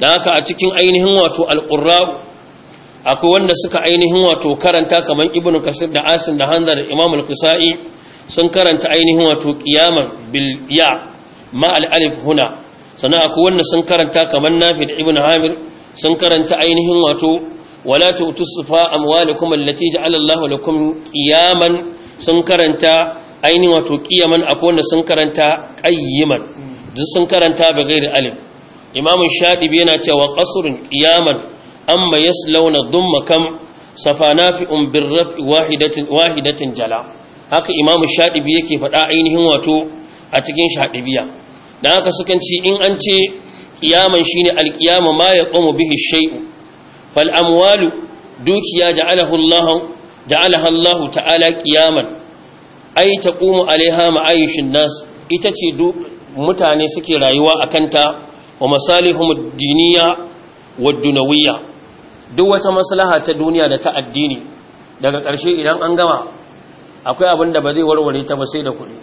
don haka a cikin ainihin wato alƙurra akwai wanda suka ainihin wato karanta kamar ibn kasir da asim da hanzar da imam al-kusa'i sun karanta ainihin wato qiyaman bil ya ma al alif huna sannan akwai wanda sun karanta kamar nafi da ibn hamir sun karanta ainihin wato wala tu'tu sufa amwalikum allati ja'ala Allahu lakum qiyaman sun karanta ainihin wato qiyaman akwai wanda sun karanta qayyiman duk sun karanta ba gairi alif imam shadibi yana cewa qasrun qiyaman amma yaslauna dhumma kam safanafi'un birraf wahidatin wahidatin jala haka imamu shadibi yake faɗa ainihin wato a cikin shadibiya dan haka sukan ci in an ce kiyaman shine alkiyama ma yaqumu bihi shay'u fal amwalu dukiya ja'alahu alhallahu ja'alaha Allah ta'ala qiyaman ai taqumu alaiha ma'ayishin nas ita ce mutane suke rayuwa akanta wa masalihum ad-diniya wad-dunawiyya duk wata maslaha ta duniya da ta addini daga ƙarshe idan an gama akwai abin da ba zai warware ta ba sai da kuɗi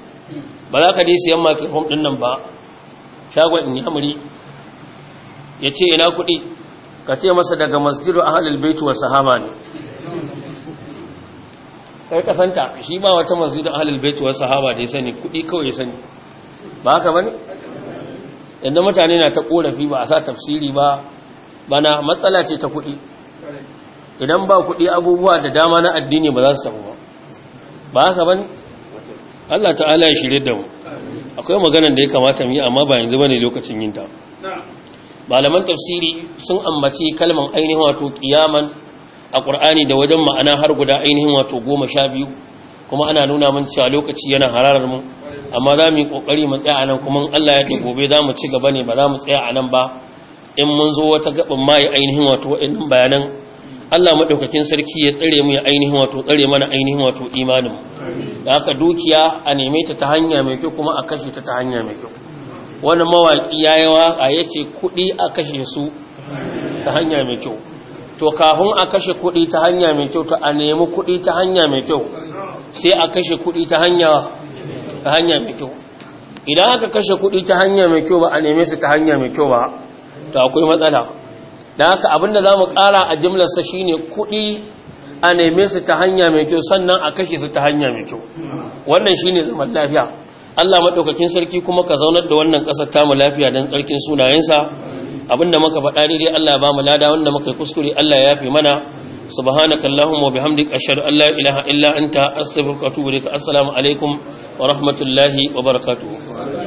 ba za ka dai siyan makifon ɗin nan ba shagon in yamuri ya ce ina kuɗi ka ce masa daga masjidu a halil baitu wa sahaba ne kai kasanta shi ba wata masjidu a halil baitu wa sahaba da ya sani kuɗi kawai ya sani ba haka ba ne yadda mutane na ta ƙorafi ba a sa tafsiri ba bana matsala ce ta kuɗi idan ba kuɗi abubuwa da dama na addini ba za su tafi ba ba haka ba Allah ta'ala ya shirye da mu akwai maganar da ya kamata mu yi amma ba yanzu bane lokacin yin ta malaman tafsiri sun ambaci kalman ainihin wato kiyaman a qur'ani da wajen ma'ana har guda ainihin wato 12 kuma ana nuna mun cewa lokaci yana hararar mu amma za mu yi kokari mu tsaya anan kuma Allah ya ta gobe za mu ci gaba ne ba za mu tsaya anan ba in mun zo wata gaban mai ainihin wato wa'annan bayanan Allah madaukakin sarki ya tsare mu ya ainihin wato tsare mana ainihin wato imanin mu da haka dukiya a neme ta ta hanya mai kyau kuma a kashe ta ta hanya mai kyau wani mawaki yayi waka yace kudi a kashe su ta hanya mai kyau to kafin a kashe kudi ta hanya mai kyau to a nemi kudi ta hanya mai kyau sai a kashe kudi ta hanya ta hanya mai kyau idan aka kashe kudi ta hanya mai kyau ba a neme su ta hanya mai kyau ba to akwai matsala da haka abinda za mu ƙara a jimlarsa shi ne kuɗi a neme su ta hanya mai kyau sannan a kashe su ta hanya mai kyau wannan shi ne zaman lafiya allah maɗaukakin sarki kuma ka zaunar da wannan ƙasar tamu lafiya don tsarkin sunayensa abinda muka faɗa daidai allah ba mu lada wanda muka yi kuskure allah ya fi mana subhanaka allahumma wa bihamdik ashhadu an la ilaha illa anta astaghfiruka wa atubu ilaik assalamu alaikum wa rahmatullahi wa barakatuh